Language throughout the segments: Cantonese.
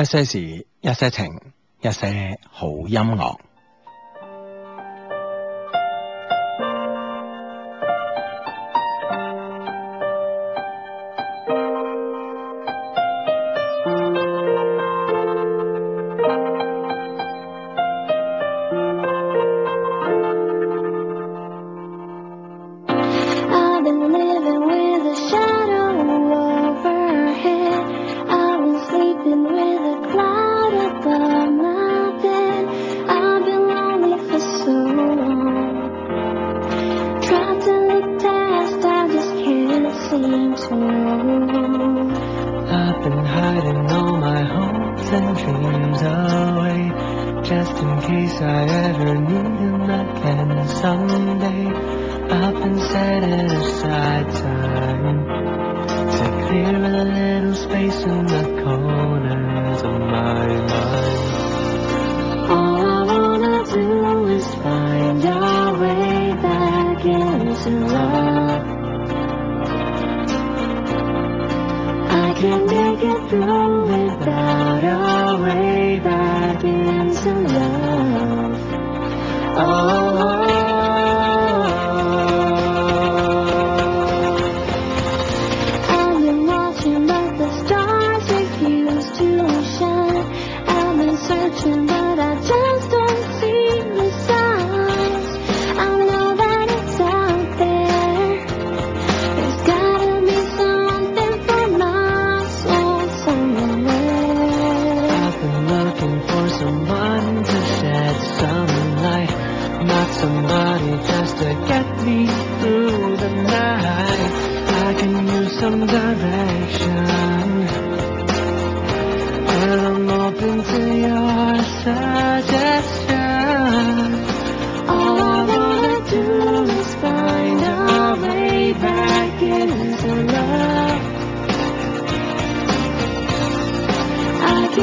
一些事，一些情，一些好音樂。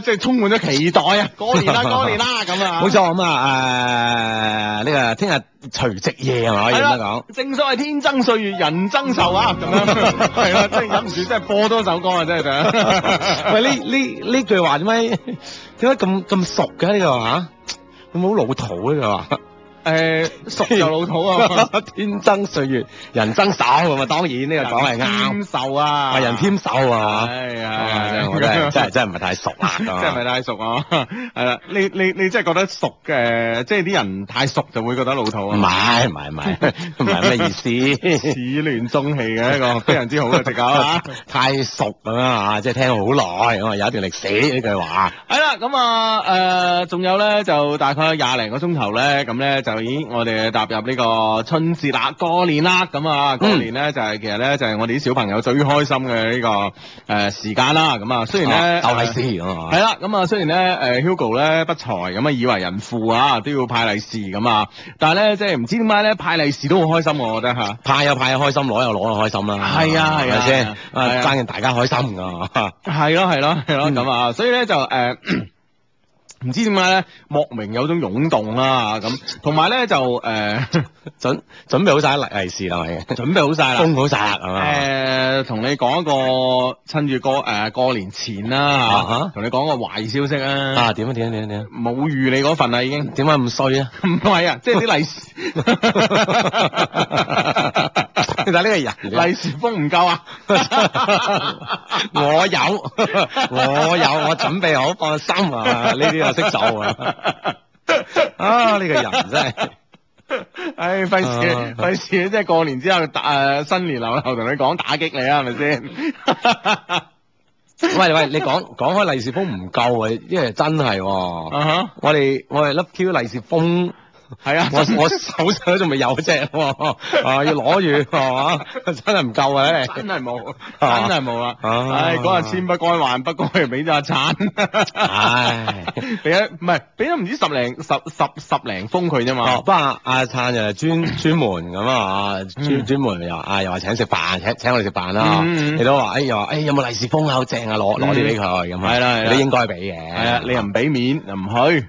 即係充滿咗期待啊！ 過年啦、啊，過年啦，咁啊，冇錯咁啊，誒呢個聽日除夕夜啊，咪、呃？係、這、啦、個，講、 啊，正所謂天增歲月人增壽啊，咁 樣係啊， 啊，真係忍唔住，真係播多首歌啊，真係啊！ 喂，呢呢呢句話點解點解咁咁熟嘅呢個嚇？有、啊、冇好老土呢句話？ 誒熟又老土啊！天增歲月，人增壽，咁啊當然呢個講係啱。牽手啊，唔係人添手啊！哎呀，真係真係真係唔係太熟啊！真係唔係太熟啊！係啦，你你你真係覺得熟嘅，即係啲人太熟就會覺得老土啊！唔係唔係唔係，唔係咩意思？始亂終棄嘅一個，非常之好嘅隻狗。太熟啊！即係聽好耐，咁啊有一段歷史呢句話。係啦，咁啊誒，仲有咧就大概廿零個鐘頭咧，咁咧就。我哋踏入呢個春節啦，過年啦，咁啊，過年咧就係、是、其實咧就係、是、我哋啲小朋友最開心嘅呢、這個誒、呃、時間啦。咁啊，雖然咧派利是，係啦、啊，咁啊、嗯，雖然咧誒、呃、Hugo 咧不才咁啊，以為人父啊都要派利是咁啊，但係咧即係唔知點解咧派利是都好開、啊、開心，我覺得嚇。派又派又開心，攞又攞又開心啦。係啊係咪先？係，爭緊大家開心㗎。係咯係咯係咯，咁啊，所以咧就誒。唔知點解咧，莫名有種湧動啦、啊、咁，同埋咧就誒、呃、 準準備好晒利利是啦，係 準備好晒啦，封好晒啦，係嘛？誒同、欸、你講一個趁住過誒過年前啦、啊，同你講個壞消息啊！點啊點啊點啊點啊！冇、啊啊啊、預你嗰份啦已經。點解咁衰啊？唔係啊，即係啲利是，但係呢個人利是封唔夠啊！我有我有，我準備好心，放心啊！呢啲。我識走啊！啊、這、呢個人真係，唉費事費事，即係過年之後打新年流流我同你講打擊你係咪先？是是 喂喂，你講講開利是封唔夠啊？因為真係、哦 uh huh.，我哋我哋粒 Q 利是封。係啊，我我手上仲未有只喎，啊要攞住，係嘛，真係唔夠啊，真係冇，真係冇啊。唉，嗰日千不該還不該俾咗阿燦，唉，俾唔係俾咗唔知十零十十十零封佢啫嘛。不過阿燦就專專門咁啊，專專門又啊又話請食飯，請請我哋食飯啦。嗯，你都話，哎又話，哎有冇利是封啊？好正啊，攞攞啲俾佢咁啊，係啦你應該俾嘅，係啊，你又唔俾面又唔去。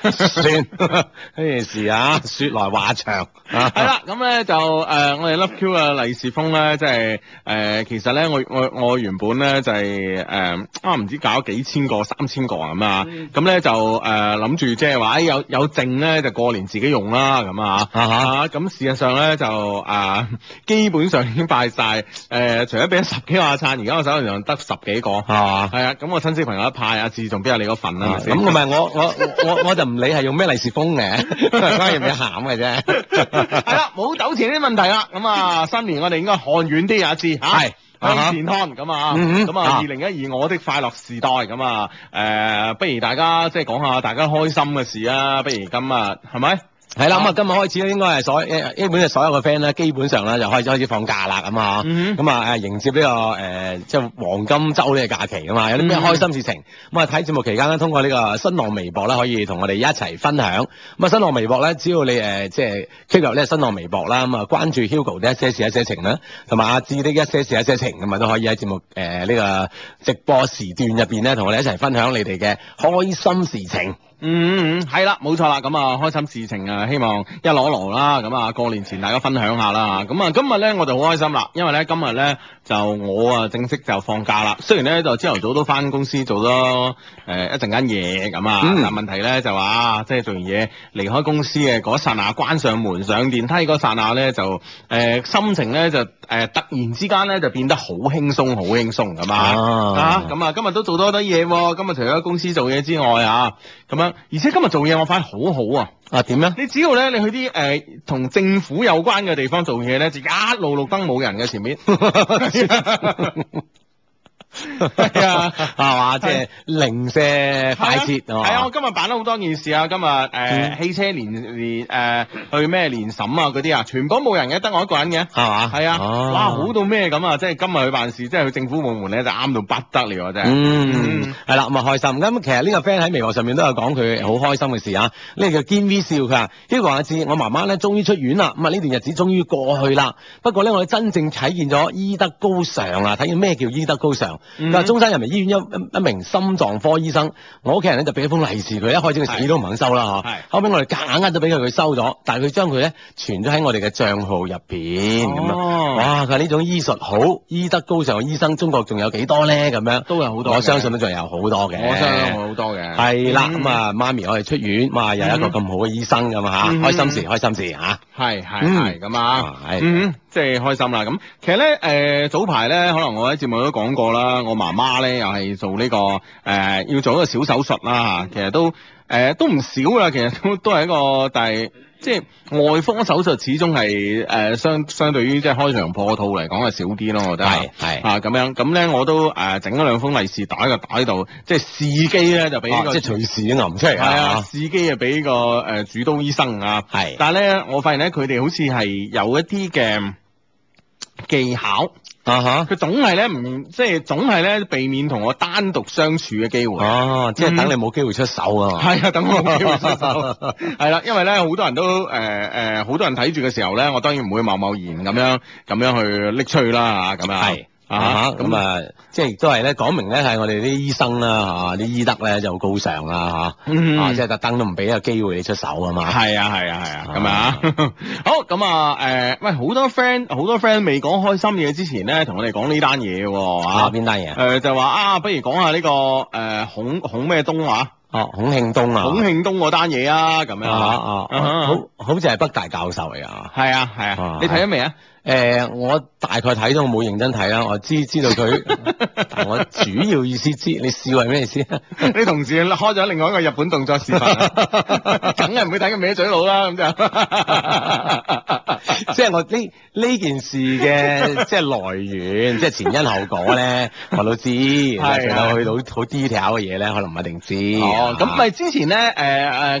算呢了件 事啊，說來話長啊。係啦， 咁咧就誒、呃、我哋 Love q 啊、就是，利是封咧，即係誒其實咧，我我我原本咧就係誒啊唔知搞幾千個、三千個啊咁啊。咁咧就誒諗住即係話有有剩咧就過年自己用啦，咁啊，咁事實上咧就誒、呃、基本上已經敗晒。誒、呃，除咗俾咗十幾個阿撐，而家我手頭上得十幾個係嘛？係啊，咁 我親戚朋友一派啊，自然仲邊有你嗰份啊。咁唔係我我我我，我，我就。唔理係用咩利是封嘅， 關鍵係鹹嘅啫。係啦，冇糾纏啲問題啦。咁啊，新年我哋應該看遠啲又一次吓，係健康咁啊。咁 啊，二零一二我的快樂時代咁啊。誒，不如大家即係講下大家開心嘅事啊。不如今日係咪？係啦，咁啊，嗯、今日開始咧，應該係所一基本嘅所有嘅 friend 咧，基本上咧就開始開始放假啦，咁、mm hmm. 啊，咁啊，誒，迎接呢、這個誒，即、呃、係、就是、黃金周呢個假期啊，有啲咩開心事情？咁啊、mm，睇、hmm. 節目期間咧，通過呢個新浪微博咧，可以同我哋一齊分享。咁啊，新浪微博咧，只要你誒、呃，即係進入呢個新浪微博啦，咁啊，關注 Hugo 嘅一些事一些情啦，同埋阿志的一些事一些情咁啊，都可以喺節目誒呢、呃這個直播時段入邊咧，同我哋一齊分享你哋嘅開心事情。嗯，嗯、係啦，冇錯啦，咁啊，開心事情啊，希望一籮籮啦，咁啊，過年前大家分享下啦，咁啊，今日咧我就好開心啦，因為咧今日咧。就我啊，正式就放假啦。雖然咧就朝頭早都翻公司做咗誒一陣間嘢咁啊，但係問題咧就話即係做完嘢離開公司嘅嗰一剎那，關上門上電梯嗰剎那咧就誒、呃、心情咧就誒、呃、突然之間咧就變得好輕鬆，好輕鬆咁啊啊！咁啊，啊今日都做多啲嘢，今日除咗公司做嘢之外啊，咁樣而且今日做嘢我反而好好啊！啊，點咧？你只要咧，你去啲誒同政府有關嘅地方做嘢咧，就一路綠燈冇人嘅前面。 係 啊，係嘛，啊，即係零舍快捷，係啊，我今日辦咗好多件事，呃呃、啊，今日誒汽車年年誒去咩年審啊嗰啲啊，全部冇人嘅，得我一個人嘅，係嘛，啊？係啊，哇，好到咩咁啊！即係今日去辦事，即係去政府部門咧，就啱到不得了啊。真係。嗯，係啦，啊，咁開心。咁其實呢個 friend 喺微博上面都有講佢好開心嘅事啊。呢個叫堅 V 笑佢話：，呢個話事，我媽媽咧終於出院啦，咁啊呢段日子終於過去啦。不過咧，我哋真正體現咗醫德高尚啊！睇到咩叫醫德高尚？但中山人民醫院一一名心臟科醫生，我屋企人咧就俾一封利是，佢一開始佢死都唔肯收啦嚇。係，後尾我哋夾硬都咗俾佢，佢收咗，但係佢將佢咧存咗喺我哋嘅賬號入邊咁啊。哇！佢呢種醫術好、醫德高尚嘅醫生，中國仲有幾多咧？咁樣都有好多，我相信都仲有好多嘅。我相信好多嘅。係啦，咁啊，媽咪我哋出院，哇！又一個咁好嘅醫生咁啊嚇，開心時開心時嚇。係係係咁啊，嗯，即係開心啦。咁其實咧誒，早排咧可能我喺節目都講過啦。我媽媽咧又係做呢、這個誒、呃、要做一個小手術啦、啊、嚇，其實都誒、呃、都唔少啦，其實都都係一個，但係即係外科手術始終係誒、呃、相相對於即係開腸破肚嚟講係少啲咯、啊啊，我覺得係係啊咁樣。咁咧我都誒整咗兩封利是打個打喺度，即係試機咧就俾、啊、即係隨時揼出嚟係啊試機啊俾個誒、呃、主刀醫生啊，係是但係咧我發現咧佢哋好似係有一啲嘅技巧。啊哈！佢總係咧唔即係總係咧避免同我單獨相處嘅機會。哦、啊，即係等你冇機會出手啊！係啊、嗯，等我冇機會出手。係啦， 因為咧好多人都誒誒，好、呃呃、多人睇住嘅時候咧，我當然唔會貿貿然咁樣咁樣去拎出去啦嚇咁啊。係。啊，咁啊，即係亦都係咧，講明咧係我哋啲醫生啦，吓，啲醫德咧就好高尚啦，吓，啊即係特登都唔俾個機會你出手啊嘛，係啊係啊係啊，咁啊，好，咁啊，誒，喂，好多 friend 好多 friend 未講開心嘢之前咧，同我哋講呢單嘢喎，啊，邊單嘢？誒，就話啊，不如講下呢個誒，孔孔咩東話？哦、啊，孔慶東啊，孔慶東嗰單嘢啊，咁樣啊，啊，啊，啊、uh，huh. 好，好似係北大教授嚟啊，係啊，係啊，你睇咗未啊？誒、呃，我大概睇到，我冇認真睇啦，我知知道佢， 但我主要意思知，你笑係咩意思？ 你同事開咗另外一個日本動作、啊、笑話，梗係唔會睇個歪嘴佬啦、啊，咁就。 即係我呢呢件事嘅即係來源， 即係前因後果咧， 我都知。係、 啊，仲有去到好 detail 嘅嘢咧，可能唔一定知。哦，咁咪、啊、之前咧，誒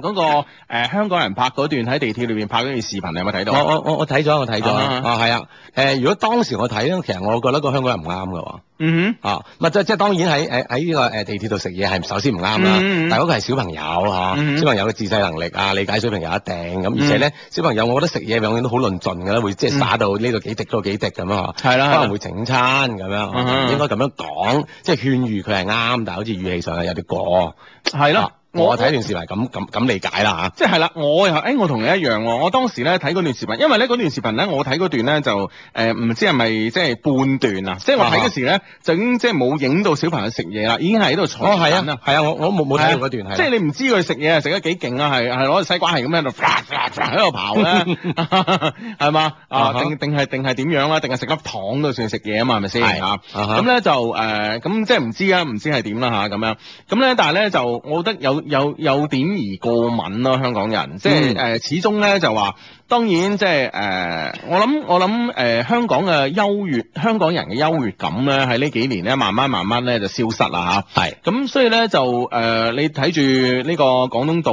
誒嗰個、呃、香港人拍嗰段喺地鐵裏邊拍嗰段視頻，你有冇睇到？我我我我睇咗，我睇咗。 哦、啊，係啊。誒，如果當時我睇咧，其實我覺得個香港人唔啱㗎喎。嗯啊，咪即即當然喺誒喺呢個誒地鐵度食嘢係首先唔啱啦，嗯嗯嗯但係嗰個係小朋友嚇、啊，小朋友嘅自制能力啊、理解水平有一定咁，嗯、而且咧、嗯、小朋友我覺得食嘢永遠都好論盡㗎啦，會即係灑到呢度幾滴嗰度幾、嗯嗯、滴咁啊嚇，係啦，可能會整餐咁樣，嗯嗯嗯應該咁樣講，即係勸喻佢係啱，但係好似語氣上係有啲過，係咯。我睇段視頻咁咁咁理解啦嚇，即係啦，我又誒，我同你一樣喎。我當時咧睇嗰段視頻，因為咧嗰段視頻咧，我睇嗰段咧就誒唔知係咪即係半段啊？即係我睇嗰時咧，就已經即係冇影到小朋友食嘢啦，已經係喺度坐緊係啊，係啊，我冇冇睇到嗰段係。即係你唔知佢食嘢食得幾勁啊？係係攞住西瓜係咁喺度，喺度刨咧，係嘛？啊，定定係定係點樣啦？定係食粒糖都算食嘢啊？嘛係咪先？係咁咧就誒，咁即係唔知啊，唔知係點啦嚇咁樣。咁咧但係咧就我覺得有。有有點而過敏咯、啊，香港人，即係誒、呃，始終咧就話。當然即係誒、呃，我諗我諗誒、呃，香港嘅優越，香港人嘅優越感咧喺呢幾年咧，慢慢慢慢咧就消失啦嚇。係、啊，咁所以咧就誒、呃，你睇住呢個廣東道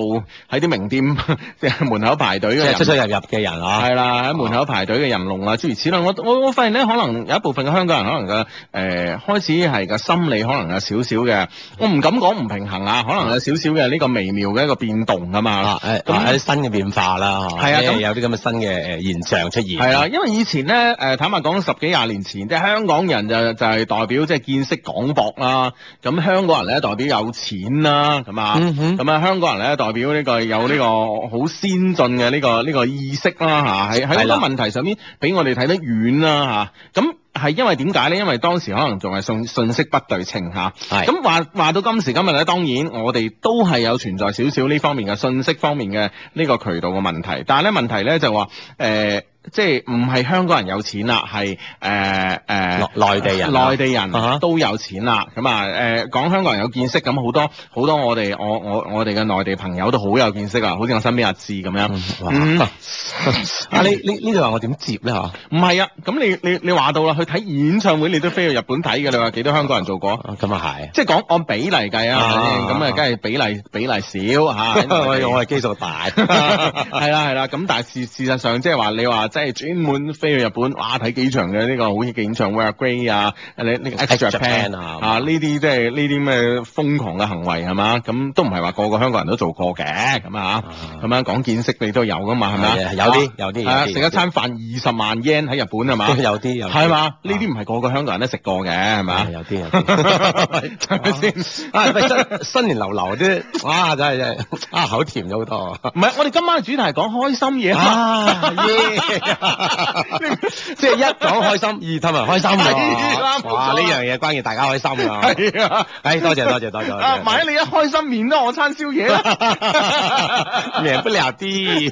喺啲名店嘅門口排隊，即係出出入入嘅人啊。係啦，喺門口排隊嘅人龍啊，諸如此類。我我我發現咧，可能有一部分嘅香港人可能嘅誒、呃、開始係個心理可能有少少嘅，我唔敢講唔平衡啊，可能有少少嘅呢個微妙嘅一個變動啊嘛。係咁，有啲新嘅變化啦。係啊，哎嗯、啊有呢咁新嘅誒現象出現係啊，因為以前咧誒，坦白講十幾廿年前，即係香港人就就係代表即係見識廣博啦。咁香港人咧代表有錢啦，係嘛、嗯哼？咁啊，香港人咧代表呢個有呢個好先進嘅呢個呢個意識啦嚇。喺喺好多問題上面，俾我哋睇得遠啦嚇。咁係因為點解咧？因為當時可能仲係信信息不對稱吓。係咁是、啊、話，話到今時今日咧，當然我哋都係有存在少少呢方面嘅信息方面嘅呢、呢個渠道嘅問題。但係咧問題咧就話誒。呃即係唔係香港人有錢啦，係誒誒內地人、啊、 內地人都有錢啦。咁啊誒講香港人有見識，咁好多好多我哋我我我哋嘅內地朋友都好有見識啊，好似我身邊阿志咁樣。嗯哇 啊，阿呢呢句話我點接咧嚇？唔係啊，咁你你你話到啦，去睇演唱會你都飛去日本睇嘅，你話幾多香港人做過？咁啊係，啊啊即係講按比例計啊，咁啊梗係比例比例少嚇，我我係基數大。係啦係啦，咁但係事事實上即係話你話。即係專門飛去日本，哇！睇幾場嘅呢個好似嘅演唱會啊，Grey 啊，你呢個 X Japan 啊，啊呢啲即係呢啲咩瘋狂嘅行為係嘛？咁都唔係話個個香港人都做過嘅咁啊，咁樣講見識你都有㗎嘛係咪？有啲有啲，食一餐飯二十萬 yen 喺日本係嘛？有啲有，係嘛？呢啲唔係個個香港人都食過嘅係嘛？有啲有啲，新年流流啲，哇！真係真係啊，口甜咗好多。唔係，我哋今晚嘅主題講開心嘢。即係一講開心，二氹人開心嚟哇，呢樣嘢關鍵大家開心啊，係啊，誒多謝多謝多謝。萬一你一開心免得我餐宵夜啦，贏不了啲。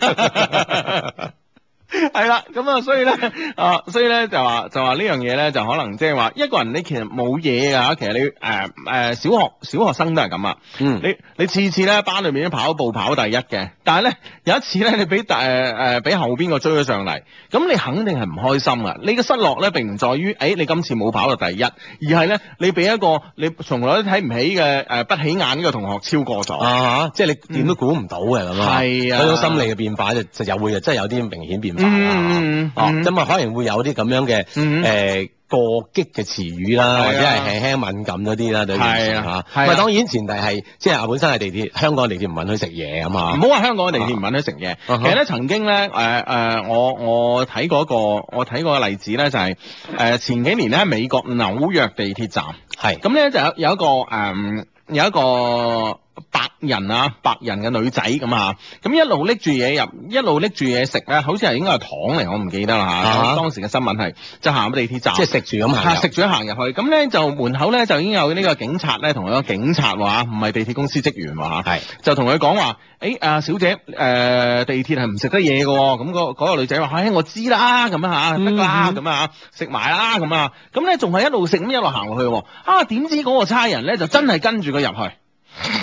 係啦，咁啊，嗯、所以咧，啊，所以咧就話就話呢樣嘢咧，就可能即係話一個人你其實冇嘢噶，其實你誒誒、呃呃、小學小學生都係咁啊，嗯，你你次次咧班裏面都跑步跑第一嘅，但係咧有一次咧你俾第誒誒俾後邊個追咗上嚟，咁你肯定係唔開心啊！你嘅失落咧並唔在於誒、哎、你今次冇跑到第一，而係咧你俾一個你從來都睇唔起嘅誒、呃、不起眼嘅同學超過咗啊，即係你點都估唔到嘅咁咯，係啊，嗰種心理嘅變化就就會啊真係有啲明顯變化。嗯嗯哦，咁啊、嗯、可能會有啲咁樣嘅誒、呃、過激嘅詞語啦，嗯、或者係輕輕敏感嗰啲啦，啊、對唔住嚇。咁啊，啊當然前提係即係啊本身係地鐵，香港地鐵唔允許食嘢吖嘛。唔好話香港地鐵唔允許食嘢，啊、其實咧曾經咧誒誒我我睇過一個我睇過嘅例子咧就係、是、誒、呃、前幾年咧美國紐約地鐵站係咁咧，就有有一個誒有一個。白人啊，白人嘅女仔咁啊，咁一路拎住嘢入，一路拎住嘢食啊，好似係應該係糖嚟，我唔記得啦吓。吧當時嘅新聞係就行、是、咗地鐵站，即係食住咁啊。食住行入去。咁咧就門口咧就已經有呢個警察咧，同佢個警察話唔係地鐵公司職員喎嚇是、啊，就同佢講話誒啊，小姐誒、呃，地鐵係唔食得嘢嘅喎。咁個嗰個女仔話：，唉、哎，我知啦，咁啊嚇，得啦，咁啊食埋啦，咁啊，咁咧仲係一路食咁一路行落去。啊，點知嗰個差人咧就真係跟住佢入去。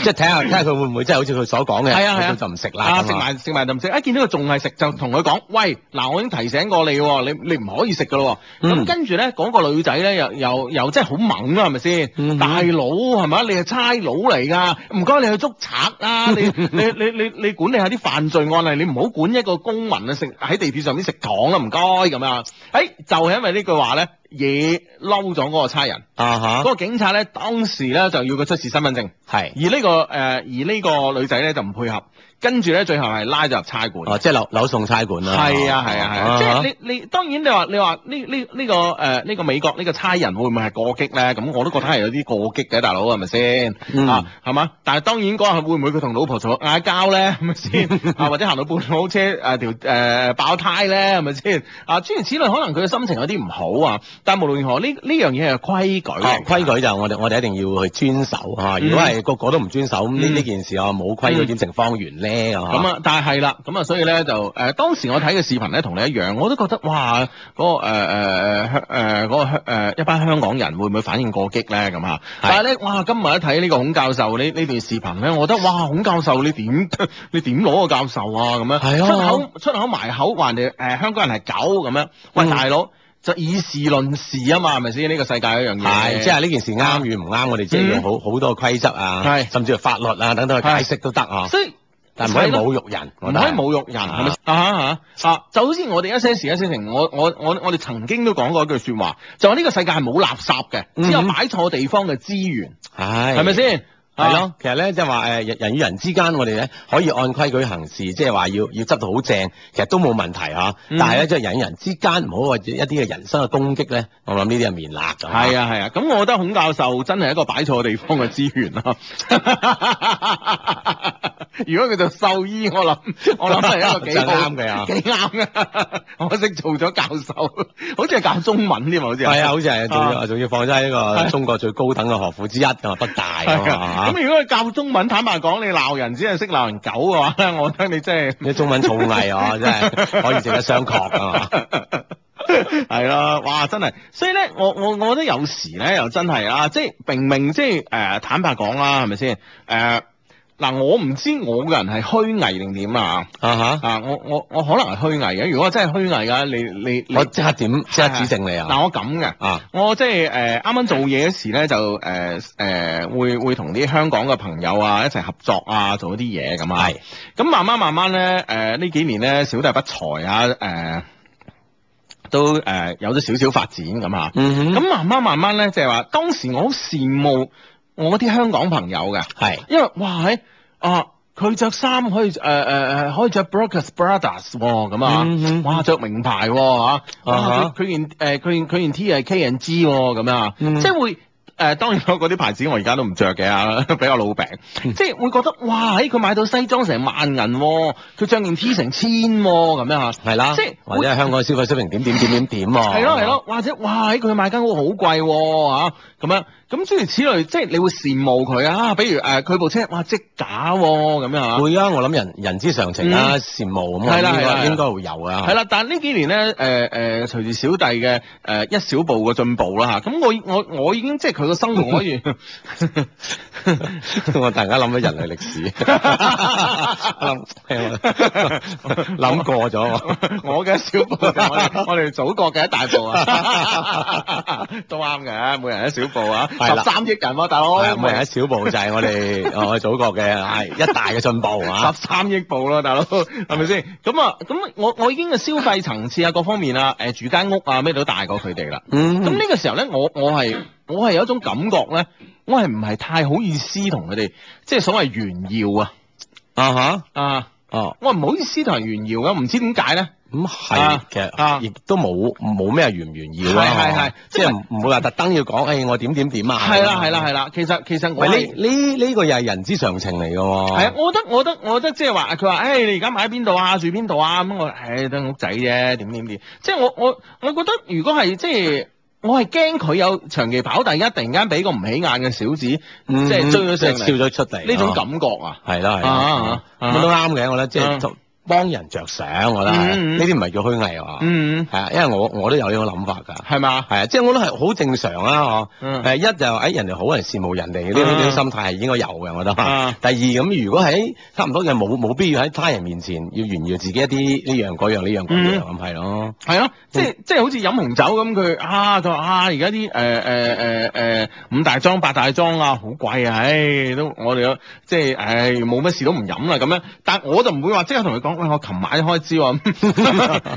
即係睇下，睇下佢會唔會真係好似佢所講嘅，佢就唔食啦。啊，食埋食埋就唔食。一見到佢仲係食，就同佢講：，喂，嗱，我已經提醒過你喎，你你唔可以食噶咯。咁跟住咧，嗰個女仔咧，又又又真係好猛啦，係咪先？大佬係咪？你係差佬嚟㗎？唔該，你去捉賊啊！你你你你你管理下啲犯罪案例，你唔好管一個公民啊食喺地鐵上邊食糖啊！唔該咁啊。誒，就係因為呢句話咧。嘢嬲咗嗰個差人，啊吓嗰個警察咧、uh huh.，當時咧就要佢出示身份證，係。而呢、這個誒、呃，而呢個女仔咧就唔配合。跟住咧，最後係拉入差館。哦，即係扭扭送差館啦。係啊，係啊，係啊。即係你你當然你話你話呢呢呢個誒呢個美國呢個差人會唔會係過激咧？咁我都覺得係有啲過激嘅，大佬係咪先？啊，係嘛？但係當然嗰日佢會唔會佢同老婆吵嗌交咧？係咪先？啊，或者行到半路車誒條誒爆胎咧？係咪先？啊，諸如此類，可能佢嘅心情有啲唔好啊。但係無論如何呢呢樣嘢係規矩，規矩就我哋我哋一定要去遵守嚇。如果係個個都唔遵守，呢呢件事我冇規矩點成方圓咧？咁啊，啊但係啦，咁啊，所以咧就誒、呃、當時我睇嘅視頻咧，同你一樣，我都覺得哇，嗰、嗰個誒誒誒香誒一班香港人會唔會反應過激咧咁啊。是但係咧，哇，今日一睇呢個孔教授呢呢段視頻咧，我覺得哇，孔教授你點你點攞個教授啊？咁樣、啊、出口出口，出口埋口話人哋誒、呃、香港人係狗咁樣，喂、嗯、喂大佬就以事論事啊嘛，係咪先？呢、呢個世界一樣嘢，即係呢件事啱與唔啱、嗯，我哋即係用好好多規則啊，甚至係法律啊等等嘅解釋都得是是啊。但唔是可以侮辱人，唔可以侮辱人，係咪啊吓吓啊，啊！就好似我哋一些事、一些情，我我我我哋曾經都講過一句說話，就話呢個世界係冇垃圾嘅，只有擺錯地方嘅資源，係、嗯，係咪先？係咯，其實咧，即係話誒，人人與人之間，我哋咧，可以按規矩行事，即係話要要執到好正，其實都冇問題吓。但係咧，即係人與人之間唔好話一啲嘅人身嘅攻擊咧，我諗呢啲係面辣咁。係啊係啊，咁我覺得孔教授真係一個擺錯地方嘅資源咯。如果佢做獸醫，我諗我諗係一個幾啱嘅，幾啱啊！可惜做咗教授，好似係教中文添啊，好似係啊，好似係仲要仲要放喺呢個中國最高等嘅學府之一嘅北大啊。咁、啊、如果你教中文，坦白講，你鬧人只係識鬧人狗嘅話咧，我覺得你真係啲 中文造詣、啊，我真係 可以值得商榷啊嘛，係咯，哇，真係，所以咧，我我我覺得有時咧，又真係啊，即係明明即係誒、呃，坦白講啦、啊，係咪先誒？呃嗱，我唔知我個人係虛偽定點啊！啊嚇、uh huh. 啊，我我我可能係虛偽嘅。如果真係虛偽嘅，你你，你我即刻點即刻指正你。啊。嗱、啊，我咁嘅啊，uh huh. 我即係誒啱啱做嘢嗰時咧，就誒誒會會同啲香港嘅朋友啊一齊合作啊，做啲嘢咁啊。係。咁、uh huh. 慢慢慢慢咧，誒、呃、呢幾年咧小弟不才啊，誒、呃、都誒有咗少少發展咁嚇。咁、uh huh. 慢慢慢慢咧，即係話當時我好羨慕。我啲香港朋友嘅，係是，因為哇喺啊，佢着衫可以誒誒誒，可以着 Brooks Brothers 咁、哦、啊，mm hmm. 哇着名牌吓、哦、嚇，佢件誒佢件佢件 T 係 K and G 咁啊，即係會。誒、呃、當然嗰嗰啲牌子我而家都唔着嘅啊，比較老餅，即係會覺得哇，誒、欸、佢買到西裝成萬銀、啊，佢著件 T 成千咁、啊、樣嚇，係啦，即係或者香港消費水平點點點點點，係咯係咯，或者哇，誒、欸、佢買間屋好貴喎、啊、咁樣咁諸如此類，即係你會羨慕佢啊，比如誒佢部車哇即假喎咁樣嚇，會啊，我諗人人，人之常情啦，羨慕咁啊，嗯、應該應該會有噶，係啦，但係呢幾年咧誒誒隨住小弟嘅誒一小步嘅進步啦嚇，咁我我我已經即係佢。生龍可以， 我突然間諗起人類歷史，諗 過咗了 我嘅小步，我哋祖國嘅一大步啊， 都啱嘅，每人一小步啊，十三億人啊，大佬，每人一小步就係我哋我哋祖國嘅係一大嘅進步啊，十三億步咯，大佬，係咪先？咁啊咁我我已經嘅消費層次啊，各方面啊，誒住間屋啊，咩都大過佢哋啦，咁呢、嗯、個時候咧，我我係。我係有一種感覺咧，我係唔係太好意思同佢哋即係所謂炫耀啊，啊嚇啊哦，我唔好意思同人炫耀嘅，唔知點解咧？咁係嘅，其實亦都冇冇咩炫唔炫耀啊。係係即係唔會話特登要講，誒我點點點啊？係啦係啦係啦，其實其實我呢呢呢個又係人之常情嚟嘅喎。係啊，我覺得我覺得我覺得即係話佢話誒，就是 э、й, 你而家買喺邊度啊？住邊度啊？咁我誒等屋仔啫，點點點？即係、okay, 我我我覺得如果係即係。我係驚佢有長期跑，但而家突然間俾個唔起眼嘅小子，嗯、即係追咗上笑咗出嚟呢種感覺啊，係啦係啦咁都啱嘅我覺得，即係、啊。幫人着想，我覺得係呢啲唔係叫虛偽啊。係啊，因為我我都有呢個諗法㗎。係嘛吧？係啊，即係我都係好正常啦。嗬、嗯呃。一就喺、欸、人哋好人，人，羨慕人哋，呢啲呢啲心態係應該有嘅，我覺得。嗯、第二咁，如果喺、哎、差唔多就冇冇必要喺他人面前要炫耀自己一啲呢樣嗰樣呢樣嗰樣咁係咯。係啊，即係即係好似飲紅酒咁，佢啊就啊而家啲誒誒誒誒五大莊八大莊啊，好貴啊，唉都我哋都即係唉冇乜事都唔飲啦咁樣。但係我就唔會話即刻同佢講。喂！我琴晚開支喎，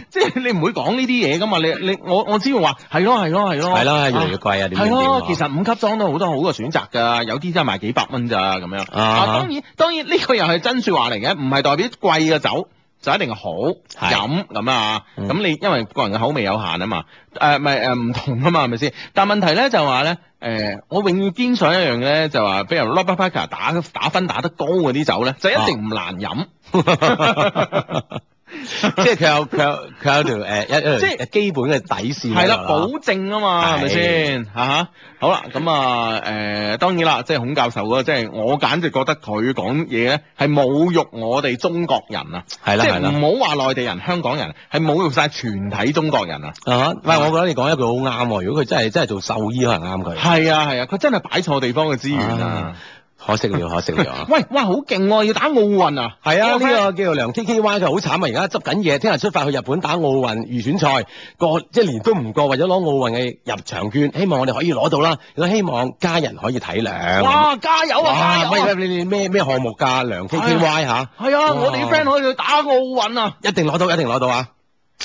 即 係你唔會講呢啲嘢噶嘛？你你我我只要話係咯係咯係咯，係咯越嚟越貴啊！點點點其實五級裝都好多好嘅選擇㗎，有啲真係賣幾百蚊咋咁樣啊，啊，啊！當然當然呢、呢個又係真説話嚟嘅，唔係代表貴嘅酒就一定好的飲咁啊！咁、嗯、你因為個人嘅口味有限啊嘛，誒唔係唔同啊嘛係咪先？但係問題咧就話咧誒，我永遠堅信一樣咧就話，譬如 Robert Parker 打打分打得高嗰啲酒咧，就一定唔難飲。啊 即係佢有佢有佢有條誒一即係是基本嘅底線，係啦，保證啊嘛，係咪先嚇？吧 好啦，咁啊誒，當然啦，即係孔教授嗰即係我簡直覺得佢講嘢咧係侮辱我哋中國人啊！係啦唔好話內地人、 香港人，係侮辱晒全體中國人啊！啊、uh-huh, 喂，我覺得你講一句好啱喎，如果佢真係真係做獸醫，可能啱佢。係啊係啊，佢真係擺錯地方嘅資源啊！ 可惜了，可惜了。喂，哇，好勁哦，要打奧運啊！係啊，呢個叫做梁 k k y 就好慘啊，而家執緊嘢，聽日出發去日本打奧運預選賽，過，即係年都唔過，為咗攞奧運嘅入場券。希望我哋可以攞到啦。都希望家人可以體諒。哇，加油啊！哇，喂喂，你你咩咩項目㗎梁 k k y 吓？係啊，我哋啲 friend 可以去打奧運啊！一定攞到，一定攞到啊！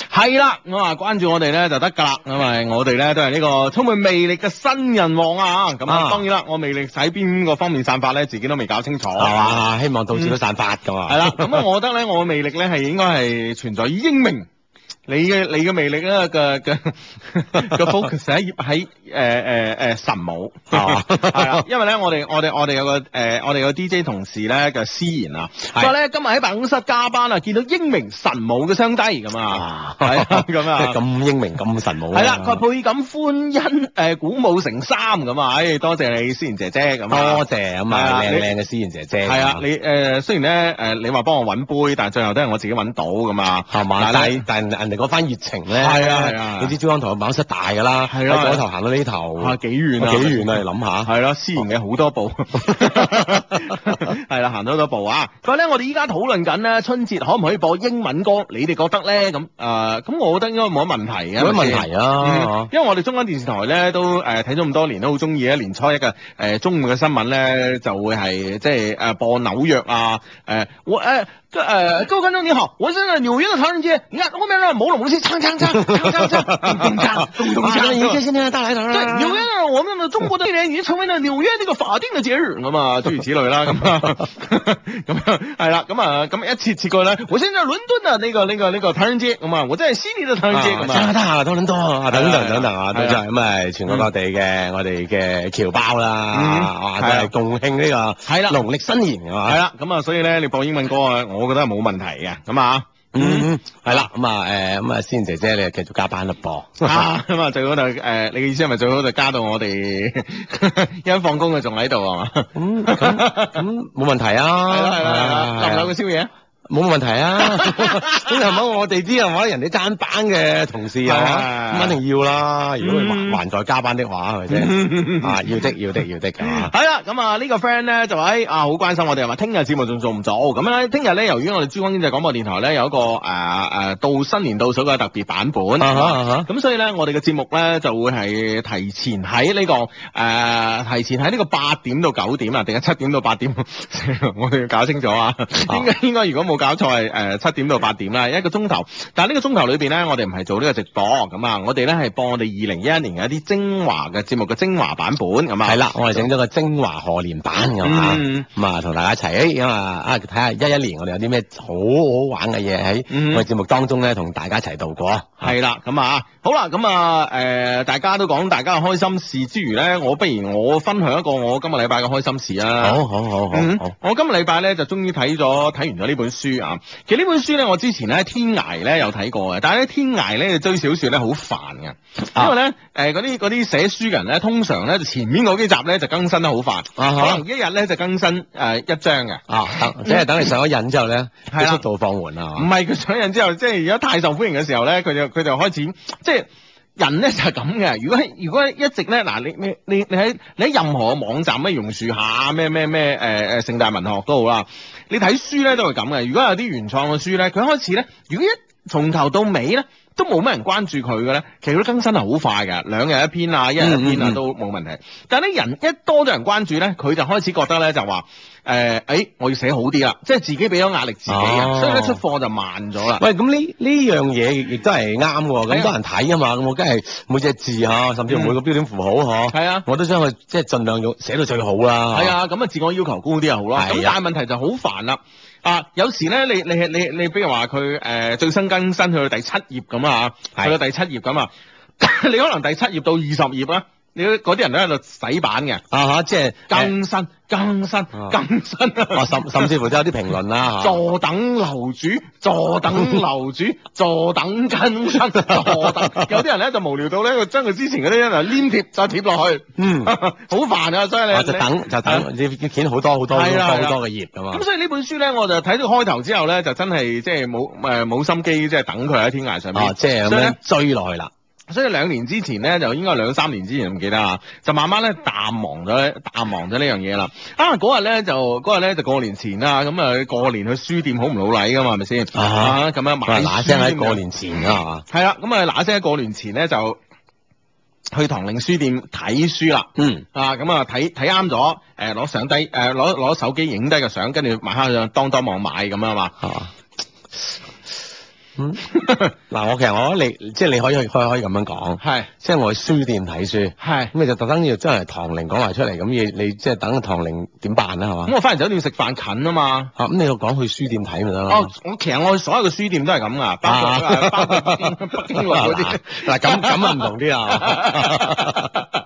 係啦，我話關注我哋咧就得噶啦，因為我哋咧都係呢、這個充滿魅力嘅新人王啊！咁啊，當然啦，我魅力喺邊個方面散發咧，自己都未搞清楚，係嘛、啊、希望到處都散發噶嘛、啊。係啦，咁啊，我覺得咧，我嘅魅力咧係應該係存在於英明。你嘅你嘅魅力咧嘅嘅嘅 focus 喺，喺誒誒神武。啊，啊，因為咧我哋我哋我哋有個誒我哋個 DJ 同事咧叫思賢啊，佢話咧今日喺辦公室加班啊，見到英明神武嘅商低。咁啊，係啊咁啊咁英明咁神武，係啦，佢倍感歡欣誒，鼓舞成三咁啊，多謝你思賢姐姐咁多謝咁啊靚靚嘅思賢姐姐，係啊，你誒雖然咧誒你話幫我揾杯，但係最後都係我自己揾到咁啊，係嘛，但係但嚟嗰番熱情咧，係啊！啊，你知珠江台嘅辦公室大㗎啦，喺嗰、啊、頭行到呢頭，嚇幾、啊、遠啊！幾遠啊！你諗、啊、下，係咯、啊，私營嘅好多步，係啦，行多咗步啊！咁咧，我哋依家討論緊咧，春節可唔可以播英文歌？你哋覺得咧咁？誒、嗯，咁、呃嗯、我覺得應該冇乜問題嘅，冇乜問題啊！因為我哋中央電視台咧都誒睇咗咁多年，都好中意啊。年初一嘅誒、呃、中午嘅新聞咧就會係即係誒、呃、播紐約啊誒我誒。呃呃呃呃啊呃誒，各位觀眾你好，我喺在紐約嘅唐人街，你睇我面上舞龍舞獅，鏘鏘鏘鏘鏘鏘叮叮噹，迎接新年嘅到嚟。對，紐約啊，我們嘅中國新年已經成為了紐約呢個法定嘅節日咁啊，諸如此類啦咁啊，咁樣係啦，咁啊咁一次次句咧，我喺度倫敦嘅呢個呢個呢個唐人街，咁啊，我在悉尼嘅唐人街，加拿大、多倫多等等等等啊，都係咁啊，全國各地嘅我哋嘅僑胞啦，係共慶呢個係啦，農曆新年係嘛，係啦，咁啊，所以咧你播英文歌啊，我。我覺得係冇問題嘅，咁啊，嗯，係啦，咁啊，誒，咁啊，思妍姐姐你又繼續加班啦噃，啊，咁啊，最好就誒，你嘅意思係咪最好就加到我哋一放工就仲喺度啊？嘛，咁，咁冇問題啊，係啦係啦係啦，留兩個宵夜。冇乜問題啊！咁係咪我哋知，人或人哋加班嘅同事啊？啊嗯、肯定要啦！如果佢還、嗯、還在加班的話，係咪先？啊，要的要的要的，係嘛？係啦，咁啊呢個 friend 咧就話：哎啊，好關心我哋係嘛？聽日節目仲做唔做？咁咧，聽日咧由於我哋珠江經濟廣播電台咧有一個誒誒、呃、到新年倒數嘅特別版本，咁所以咧我哋嘅節目咧就會係提前喺呢、這個誒、呃、提前喺呢個八點到九點啊，定係七點到八點？ 我哋要搞清楚啊！點解 應該如果冇？搞錯係、呃、七點到八點啦，一個鐘頭。但係呢個鐘頭裏邊呢，我哋唔係做呢個直播，咁啊，我哋呢係播我哋二零一一年嘅一啲精華嘅節目嘅精華版本。咁啊，係啦，我哋整咗個精華賀年版咁、嗯、啊，咁啊，同大家一齊誒咁啊啊睇下一一年我哋有啲咩好好玩嘅嘢喺我哋節目當中呢，同大家一齊度過。係啦、嗯，咁啊好啦，咁啊誒、呃，大家都講大家嘅開心事之餘呢，我不如我分享一個我今日禮拜嘅開心事啊。好好好好，我今日禮拜呢，就終於睇咗睇完咗呢本書。啊，其實呢本書咧，我之前咧天涯咧有睇過嘅，但係咧天涯咧追小説咧好煩嘅，因為咧誒嗰啲啲寫書嘅人咧，通常咧前面嗰幾集咧就更新得煩、啊、好快吧，可能一日咧就更新誒一章嘅，啊，即係等你上咗癮之後咧，啲速度放緩啦，唔係佢上咗癮之後，即係如果太受歡迎嘅時候咧，佢就佢就開始即係人咧就係咁嘅，如果如果一直咧嗱你你你你喺你喺任何網站咩榕樹下咩咩咩誒誒聖大文學都好啦。你睇書咧都係咁嘅，如果有啲原創嘅書咧，佢開始咧，如果一從頭到尾咧。都冇咩人關注佢嘅咧，其實佢更新係好快嘅，兩日一篇啊，一日一篇啊，嗯、都冇問題。但係呢人一多咗人關注咧，佢就開始覺得咧就話，誒、呃，哎，我要寫好啲啦，即係自己俾咗壓力自己啊，所以一出貨就慢咗啦。喂，咁呢呢樣嘢亦都係啱喎，咁多人睇啊嘛，咁我梗係每隻字呵、啊，甚至每個標點符號呵，係、嗯、啊，我都將佢即係儘量用寫到最好啦。係啊，咁啊自我要求高啲又好啦。咁、啊、但係問題就好煩啦。啊，有時咧，你你你你，你你你比如話佢，誒最新更新去到第七頁咁啊，的去到第七頁咁啊， 你可能第七頁到二十頁啦。嗰啲人都喺度洗版嘅、啊，啊哈！即係更新、更新、更新，甚甚至乎都有啲評論啦，坐等樓主，坐等樓主，坐等更新，坐等。啊啊、有啲人咧就無聊到咧，將佢之前嗰啲咧黏貼再貼落去，嗯，好煩啊煩！所以咧就等就等，就等嗯、你要好多好多好多好多嘅頁噶嘛。咁所以呢本書咧，我就睇到開頭之後咧，就真係即係冇誒冇心機，即係、呃、等佢喺天涯上面，啊、即係咁以樣追落去啦。所以兩年之前咧，就應該兩三年之前唔記得嚇，就慢慢咧淡忘咗，淡忘咗呢樣嘢啦。啊，嗰日咧就嗰日咧就過年前啦，咁啊過，過年去書店好唔老禮噶嘛，係咪先？咁啊，哈啊樣買書。嗱嗱聲喺過年前㗎嘛。係啦，咁、嗯、啊嗱嗱聲喺過年前咧就去唐寧書店睇書啦。嗯。啊，咁啊睇睇啱咗，誒攞上低，誒攞攞手機影低個相，跟住晚黑就當當網買咁啊嘛。嗯，嗱，我其實我覺得你即係你可以可以可以咁樣講，係是，即係我去書店睇書，係是，咁你就特登要真即係唐玲講埋出嚟，咁要你即係等唐玲點辦啦，係、嗯、嘛？咁我翻嚟酒店食飯近啊嘛，嚇、嗯，咁你要講去書店睇咪得咯？哦，我其實我所有嘅書店都係咁噶，啊，話嗰啲，嗱咁咁啊唔同啲啊。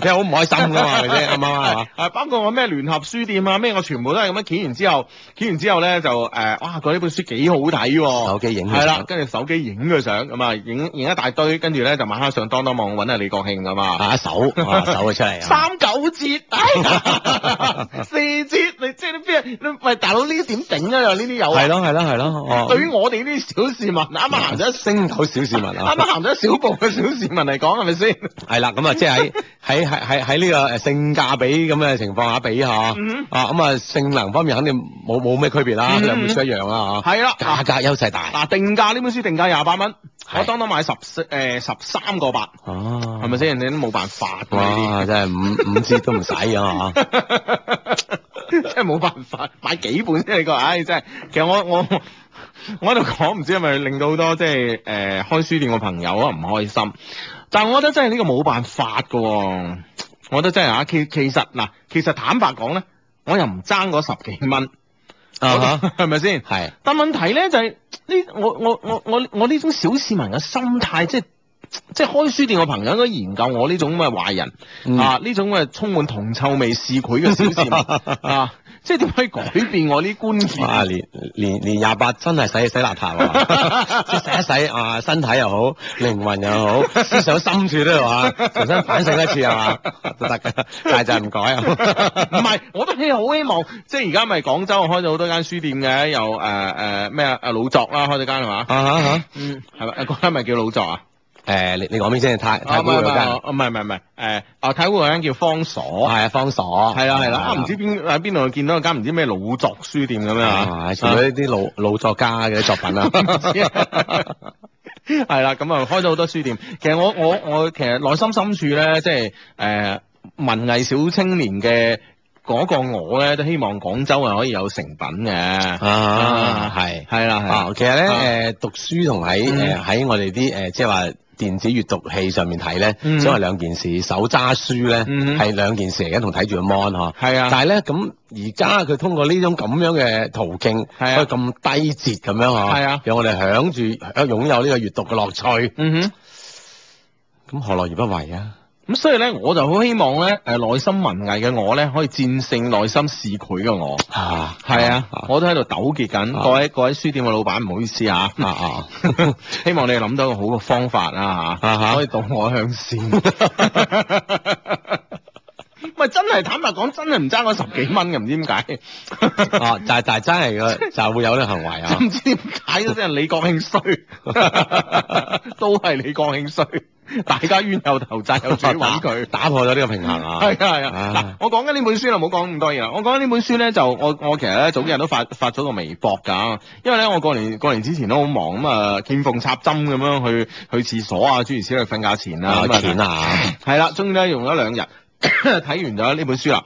睇好唔開心㗎嘛，係咪先啱唔啱啊？誒，包括我咩聯合書店啊咩，我全部都係咁樣企完之後，企完之後咧就誒、啊，哇，佢呢本書幾好睇喎、啊。手機影係啦，跟住手機影個相，咁啊，影影一大堆，跟住咧就晚黑上，上當當網揾下李國慶啊嘛，搜、啊、搜咗出嚟。 三九折，哎、 四折，你即係你邊啊？喂大佬呢啲點頂啊？呢啲有啊？係咯係咯係咯。對，對，對，對於我哋呢啲小市民，啱啱行咗一星九小市民、啊，啱啱行咗一小步嘅小市民嚟講係咪先？係啦，咁啊， 即係喺喺。喺喺喺呢個誒性價比咁嘅情況下比下，啊咁啊性能方面肯定冇冇咩區別啦，兩本書一樣啦嚇，係啦，價格優勢大。嗱定價呢本書定價廿八蚊，我當當買十誒十三個八，係咪先？人哋都冇辦法。哇！真係五五折都唔使啊嚇，真係冇辦法，買幾本先？你個唉真係，其實我我我喺度講唔知係咪令到好多即係誒開書店嘅朋友啊唔開心。但係，我覺得真係呢個冇辦法嘅。我覺得真係啊，其其實嗱，其實坦白講咧，我又唔爭嗰十幾蚊，係咪先？係，huh。但問題咧就係、是、呢，我我我我我呢種小市民嘅心態，即係。即係開書店嘅朋友應該研究我呢種咁嘅壞人、嗯、啊，呢種咁嘅充滿銅臭味市儈嘅小販啊，即係點可以改變我啲觀念？啊，年年年廿八真係洗洗邋遢，即係洗一洗啊，身體又好，靈魂又好，思想深處都係嘛，重新反省一次係嘛都得嘅，但係就係唔改啊。唔係、啊，我都好希望，即係而家咪廣州開咗好多間書店嘅，又誒誒咩啊，阿老作啦開咗間係嘛啊，啊，啊嗯，係咪啊嗰間咪叫老作啊？誒，你你講咩先？太古嗰間？唔係唔係唔係，誒，啊，太古嗰間叫方所，係啊，方所，係啦係啦，啊，唔知邊喺邊度見到間唔知咩老作書店咁樣嚇，除咗啲啲老老作家嘅作品啊，係啦，咁啊開咗好多書店，其實我我我其實內心深處咧，即係誒文藝小青年嘅嗰個我咧，都希望廣州啊可以有成品嘅，啊，係，係啦，啊，其實咧誒讀書同喺喺我哋啲誒即係話。電子閱讀器上面睇咧，只係兩件事，手揸書咧係兩件事嚟嘅，同睇住個 Mon 嗬。係、hmm. 啊，但係咧咁而家佢通過呢種咁樣嘅途徑，係啊咁低捷咁樣嗬，係啊、mm，hmm. 讓我哋享住啊擁有呢個閱讀嘅樂趣。哼、mm，咁、hmm. 何樂而不為啊？咁所以咧，我就好希望咧，誒、呃，內心文藝嘅我咧，可以戰勝內心市儈嘅我。啊，係啊，啊我都喺度糾結緊。啊、各位，各位書店嘅老闆，唔好意思嚇。啊啊， 希望你哋諗到一個好嘅方法啊嚇，啊啊可以導我向善。 咪真係坦白講，真係唔爭嗰十幾蚊嘅，唔知點解。 哦，就就真係嘅， 就會有啲行為啊！唔知點解都真係李國慶衰， 都係李國慶衰， 大家冤有頭債有主，搵佢打，打破咗呢個平衡，嗯、啊！係啊，啊我講緊呢本書啦，唔好講咁多嘢啦。我講緊呢本書咧，就我我其實咧早幾日都發發咗個微博噶，因為咧我過年過年之前都好忙，咁、呃、啊見縫插針咁樣去去廁所諸去啊，諸如此類，瞓覺前啊，錢啊，係啦、啊，終於咧用咗兩日。睇 完咗呢本書啦，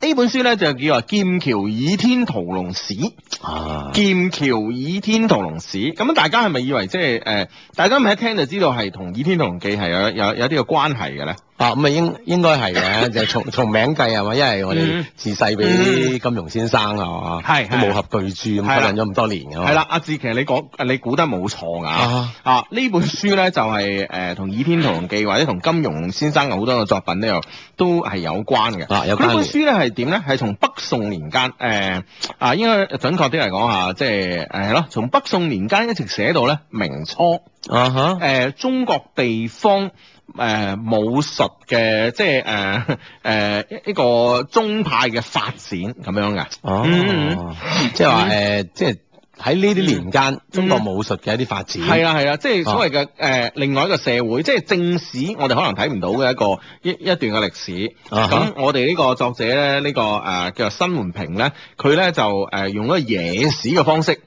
呢本書咧就叫啊《劍橋倚天屠龍史》。啊《劍橋倚天屠龍史》咁大家係咪以為即係誒？大家咪一聽就知道係同《倚天屠龍記》係有有有啲個關係嘅咧？啊咁啊，應應該係嘅，就從從名計係嘛，因為我哋自細俾金庸先生係嘛，都武俠巨著咁討論咗咁多年嘅。係啦，阿志其實你講你估得冇錯㗎。啊呢本書咧就係誒同《倚天屠龍記》或者同金庸先生好多個作品都有都係有關嘅。啊，有關。呢本書咧係點咧？係從北宋年間誒啊，應該準確啲嚟講吓，即係誒係咯，從北宋年間一直寫到咧明初。啊哈。誒，中國地方，誒、呃、武術嘅即係誒誒一個宗派嘅發展咁樣嘅，哦，嗯、即係話誒，即係喺呢啲年間，嗯、中國武術嘅一啲發展，係啊係啊，即係所謂嘅誒、呃、另外一個社會，即係正史我哋可能睇唔到嘅一個一一段嘅歷史。咁我哋呢個作者咧，呢、呢個誒、呃、叫做新門平咧，佢咧就誒用一個野史嘅方式。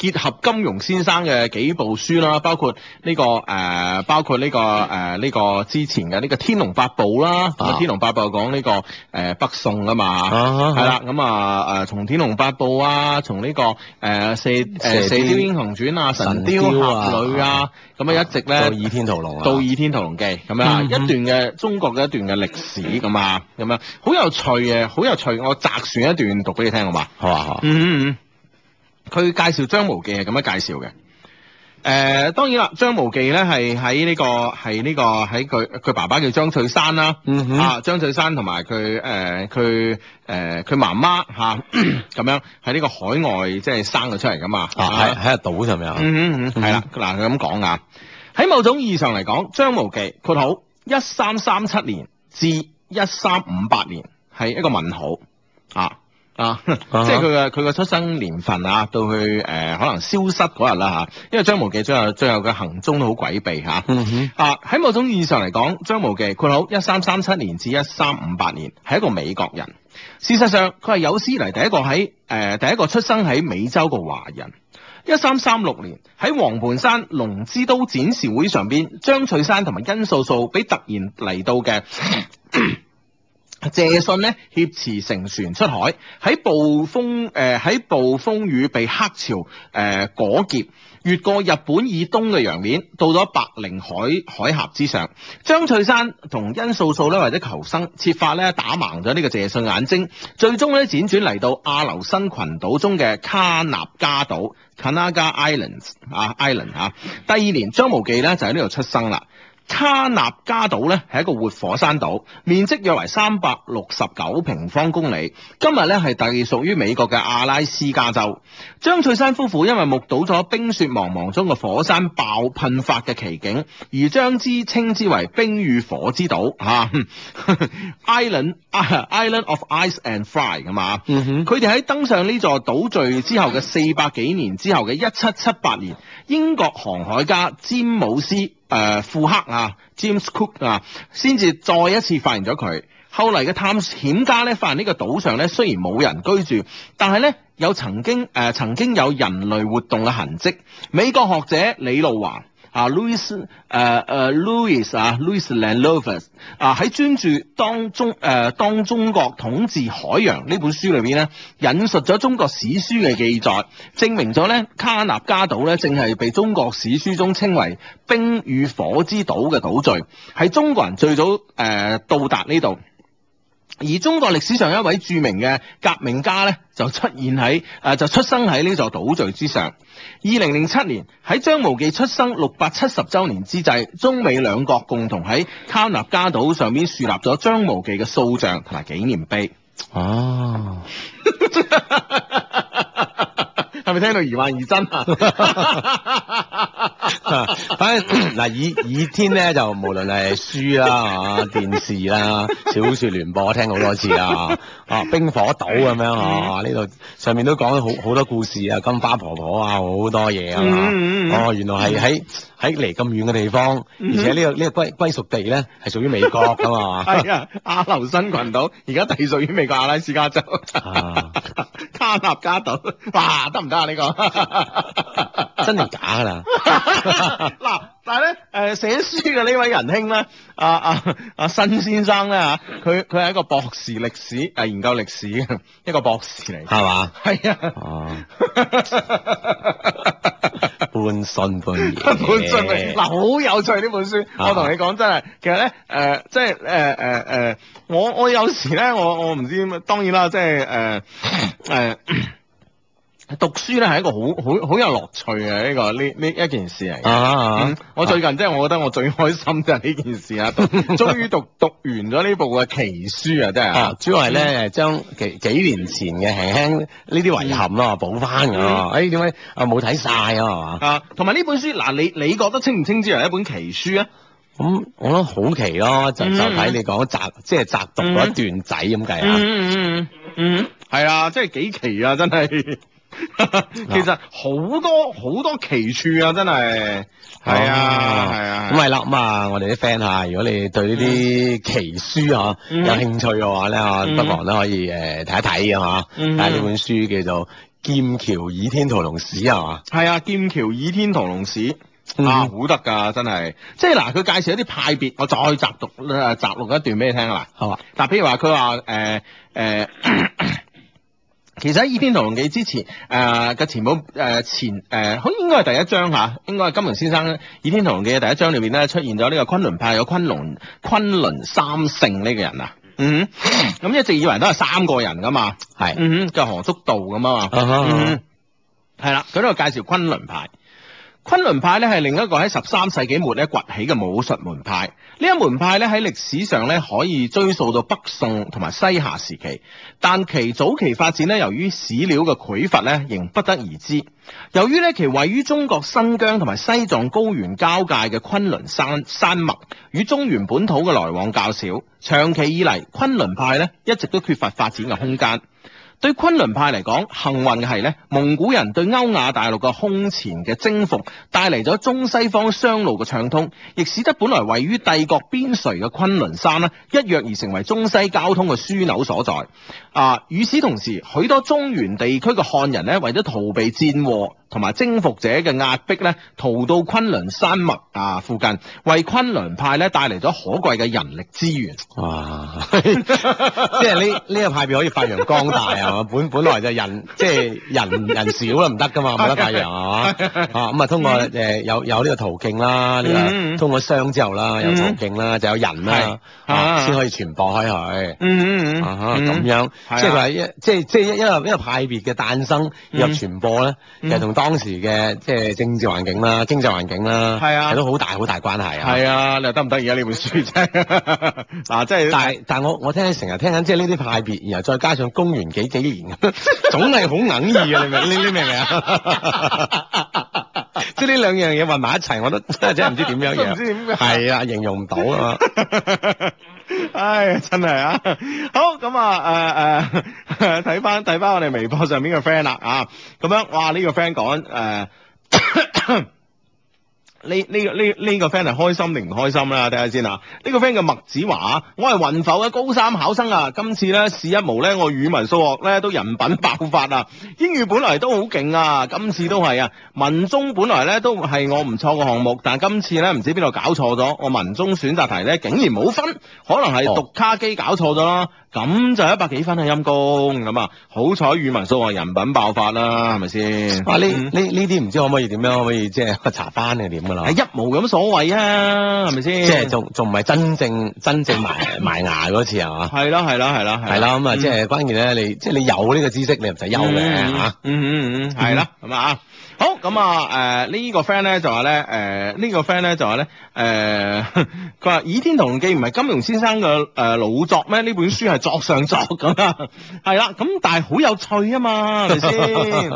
結合金庸先生嘅幾部書啦，包括呢個誒，包括呢個誒呢個之前嘅呢個《天龍八部》啦，《天龍八部》講呢個誒北宋啊嘛，係啦，咁啊誒從《天龍八部》啊，從呢個誒《射誒射雕英雄傳》啊，《神雕俠侶》啊，咁啊一直咧到《倚天屠龍》啊，到《倚天屠龍記》咁樣一段嘅中國嘅一段嘅歷史咁啊，咁樣好有趣嘅，好有趣，我摘選一段讀俾你聽好嘛？好啊，好，嗯嗯嗯。佢介紹張無忌係咁樣介紹嘅，誒、呃、當然啦，張無忌咧係喺呢個係呢、呢個喺佢佢爸爸叫張翠山啦，嗯、哼啊張翠山同埋佢誒佢誒佢媽媽嚇咁樣喺呢個海外即係生咗出嚟噶嘛，啊喺度、啊啊、島上面啊，嗯嗯嗯哼，係啦，嗱佢咁講啊，喺某種意義上嚟講，張無忌括號一三三七年至一三五八年係一個問號啊。啊，即係佢嘅佢嘅出生年份啊，到去誒、呃、可能消失嗰日啦嚇，因為張無忌最後最後嘅行蹤都好詭秘嚇。啊喺、uh huh. 啊、某種意義上嚟講，張無忌括號一三三七年至一三五八年係一個美國人。事實上，佢係有史嚟第一個喺誒、呃、第一個出生喺美洲嘅華人。一三三六年喺黃盤山龍之都展示會上邊，張翠山同埋殷素素俾突然嚟到嘅， 謝遜呢，挾持乘船出海，喺暴風誒，喺、呃、暴風雨被黑潮誒、呃、裹挾，越過日本以東嘅洋面，到咗白令海海峽之上。張翠山同殷素素咧，為咗求生設法咧打盲咗呢個謝遜眼睛，最終咧輾轉嚟到阿留申群島中嘅卡納加島 （Kanaga Islands） 啊，Island 啊。第二年，張無忌咧就喺呢度出生啦。卡納加島咧，係一個活火山島，面積約為三百六十九平方公里。今日咧，係隸屬於美國嘅阿拉斯加州。張翠山夫婦因為目睹咗冰雪茫茫中嘅火山爆噴發嘅奇景，而將之稱之為冰與火之島，吓、啊、 ，Island、啊、Island of Ice and Fire，嘛？佢哋喺登上呢座島嶼之後嘅四百幾年之後嘅一七七八年，英國航海家詹姆斯。誒、呃、庫克啊，James Cook 啊，先至再一次發現咗佢。後嚟嘅探險家咧發現呢個島上咧雖然冇人居住，但係咧有曾經誒、呃、曾經有人類活動嘅痕跡。美國學者李路華。啊、uh,，Louis，誒、uh, 誒，Louis 啊、uh,，Louis Landlovers 啊、uh,，喺專注當中誒、uh, 當中國統治海洋呢本書裏邊咧，引述咗中國史書嘅記載，證明咗咧卡納加島咧正係被中國史書中稱為冰與火之島嘅島嶼，係中國人最早誒、uh, 到達呢度。而中國歷史上一位著名嘅革命家咧，就出現喺誒，就出生喺呢座島嶼之上。二零零七年喺張無忌出生六百七十週年之際，中美兩國共同喺卡納加島上面樹立咗張無忌嘅塑像同埋紀念碑。啊！係咪？ 聽到疑幻疑真 啊？反正嗱，以以天咧就無論係書啦、啊、嚇、啊、電視啦、啊、小説聯播聽好多次啦、啊，啊冰火島咁樣嚇呢度上面都講咗好好多故事啊，金花婆婆啊，好多嘢啊嘛。哦、啊，原來係喺喺嚟咁遠嘅地方，而且呢、呢個呢、呢個歸歸屬地咧係屬於美國噶嘛。係啊，啊 哎、阿留申群島而家隸屬於美國阿拉斯加州。 卡納加島，嗱得唔得啊？呢個真定假㗎喇？嗱、呃，但係咧，誒寫書嘅呢位仁兄咧，啊，啊，阿、啊、申先生咧嚇，佢佢係一個博士歷史，誒、啊、研究歷史一個博士嚟，係嘛 吧？係啊。半信半疑，嗱，好有趣呢本書。我同你講，真係其實咧誒、呃，即係誒誒誒，我我有時咧，我我唔知，當然啦，即係誒誒。呃呃 讀書咧係一個好好好有樂趣嘅呢個呢呢一件事嚟。啊，我最近真係我覺得我最開心就係呢件事啦，終於讀讀完咗呢部嘅奇書啊，真係主要係咧將幾幾年前嘅呢啲遺憾咯補翻咁咯。哎，點解啊冇睇晒啊？係嘛啊，同埋呢本書嗱，你你覺得稱唔稱之為一本奇書咧？咁我覺得好奇咯，就就睇你講摘即係摘讀嗰一段仔咁計吓。嗯嗯嗯，係啊，真係幾奇啊，真係。其實好多好多奇處啊，真係。係啊，係啊。咁係啦，咁啊，我哋啲 friend 啊，如果你對呢啲奇書啊，有興趣嘅話咧，不妨都可以誒睇一睇嘅嗬。睇呢本書叫做《劍橋倚天屠龍史》係嘛？係啊，《劍橋倚天屠龍史》啊，好得噶，真係。即係嗱，佢介紹一啲派別，我再去摘讀咧，摘錄一段俾你聽啊嗱。好啊。嗱，譬如話佢話誒誒。其實喺《倚天屠龍記》之前，誒、呃、嘅前本誒前誒，應該係第一章嚇，應該係金庸先生《倚天屠龍記》嘅第一章裏面咧出現咗呢個昆崙派，有昆崙、昆崙三聖呢個人啊，嗯，咁一直以為都係三個人噶嘛，係、 嗯，嗯哼，叫何足道咁啊嘛， 嗯係啦，佢都個介紹昆崙派。昆崙派咧係另一個喺十三世紀末咧崛起嘅武術門派。呢一門派咧喺歷史上咧可以追溯到北宋同埋西夏時期，但其早期發展咧由於史料嘅匱乏咧仍不得而知。由於咧其位於中國新疆同埋西藏高原交界嘅昆崙山山脈，與中原本土嘅來往較少，長期以嚟昆崙派咧一直都缺乏發展嘅空間。對崑崙派嚟講，幸運嘅係咧，蒙古人對歐亞大陸嘅空前嘅征服，帶嚟咗中西方商路嘅暢通，亦使得本來位於帝國邊陲嘅崑崙山咧，一躍而成為中西交通嘅樞紐所在。啊，與此同時，許多中原地區嘅漢人咧，為咗逃避戰禍同埋征服者嘅壓迫咧，逃到崑崙山脈啊附近，為崑崙派咧帶嚟咗可貴嘅人力資源。哇，即係呢呢個派別可以發揚光大啊！本本來就人即係人人少啦，唔得噶嘛，冇得發揚啊！啊咁啊，通過誒有有呢個途徑啦，呢通過商之後啦，有途徑啦，就有人啦，先可以傳播開去。咁樣，即係佢係一即係即係因為因為派別嘅誕生，然後傳播咧，其實同當時嘅即係政治環境啦、經濟環境啦，係啊，都好大好大關係啊。係啊，你話得唔得意啊？呢本書真啊，即係。但係但係我我聽成日聽緊即係呢啲派別，然後再加上公元幾幾年， 總係好哽咽啊，你明？ 你你明唔明啊？即係呢兩樣嘢混埋一齊，我都真係唔知點樣知樣。係啊，形容唔到啊嘛。唉，真係啊。好咁啊，誒、呃、誒，睇翻睇翻我哋微博上邊嘅 friend 啦啊。咁、啊、樣，哇呢、這個 friend 講誒。呃呢呢呢呢個 friend 係、這個這個、開心定唔開心啦？睇下先啊！呢、這個 friend 叫麥子華，我係雲浮嘅高三考生啊！今次呢試一模呢，我語文數學呢都人品爆發啊！英語本來都好勁啊，今次都係啊！文綜本來呢都係我唔錯嘅項目，但今次呢唔知邊度搞錯咗，我文綜選擇題呢竟然冇分，可能係讀卡機搞錯咗咯。哦咁就一百幾分啊陰功咁啊、嗯，好彩語文數學人品爆發啦、啊，係咪先？哇、啊！呢呢呢啲唔知可唔可以點樣，可唔可以即係查翻定點噶啦？就是、一無有乜所謂啊，係咪先？即係仲仲唔係真正真正埋埋牙嗰次啊嘛？係啦係啦係啦係啦咁啊！即係關鍵咧，你即係你有呢個知識，你唔使憂嘅嚇。嗯嗯嗯，係啦咁啊。好咁啊，誒、這個、呢、呃這個 friend 咧就話咧，誒、呃這個、呢個 friend 咧就話咧，誒佢話《倚天屠龍記》唔係金庸先生嘅誒老作咩？呢本書係作上作咁啦，係 啦、 啊，咁但係好有趣啊嘛，係咪先？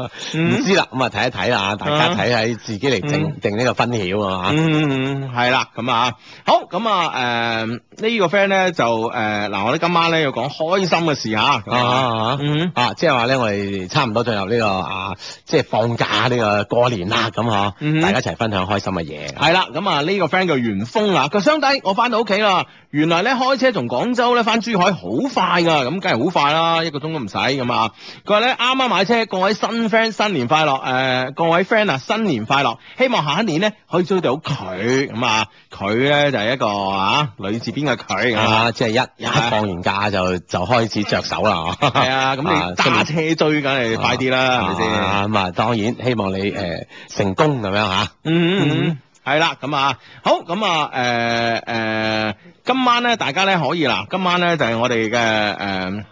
唔 知啦，咁啊睇一睇啦，大家睇睇自己嚟定定呢個分曉啊吓。嗯嗯，係、嗯、啦，咁、嗯、啊，啊，好咁啊，誒、呃這個、呢個 friend 咧就誒嗱、呃，我哋今晚咧要講開心嘅事吓、這個。啊，即係話咧，我哋差唔多進入呢個啊，即係放假呢、這個。誒，過年啦咁嗬，大家一齊分享開心嘅嘢。係啦，咁啊呢個 friend 叫元峰啦，佢相低我翻到屋企啦。原來咧開車從廣州咧翻珠海好快噶，咁梗係好快啦，一個鐘都唔使咁啊。佢話咧啱啱買車，各位新 friend 新年快樂，誒各位 friend 啊新年快樂，希望下一年咧可以追到佢咁啊。佢咧就係一個啊，女字邊嘅佢啊？即係一一放完假就就開始着手啦。係啊，咁你揸車追梗係快啲啦，係咪先？咁啊，當然希望你。誒、呃，成功咁樣吓，嗯、啊、嗯嗯，係啦、嗯，咁、嗯、啊，好，咁啊，誒、呃、誒、呃，今晚咧，大家咧可以啦，今晚咧就係、是、我哋嘅誒。呃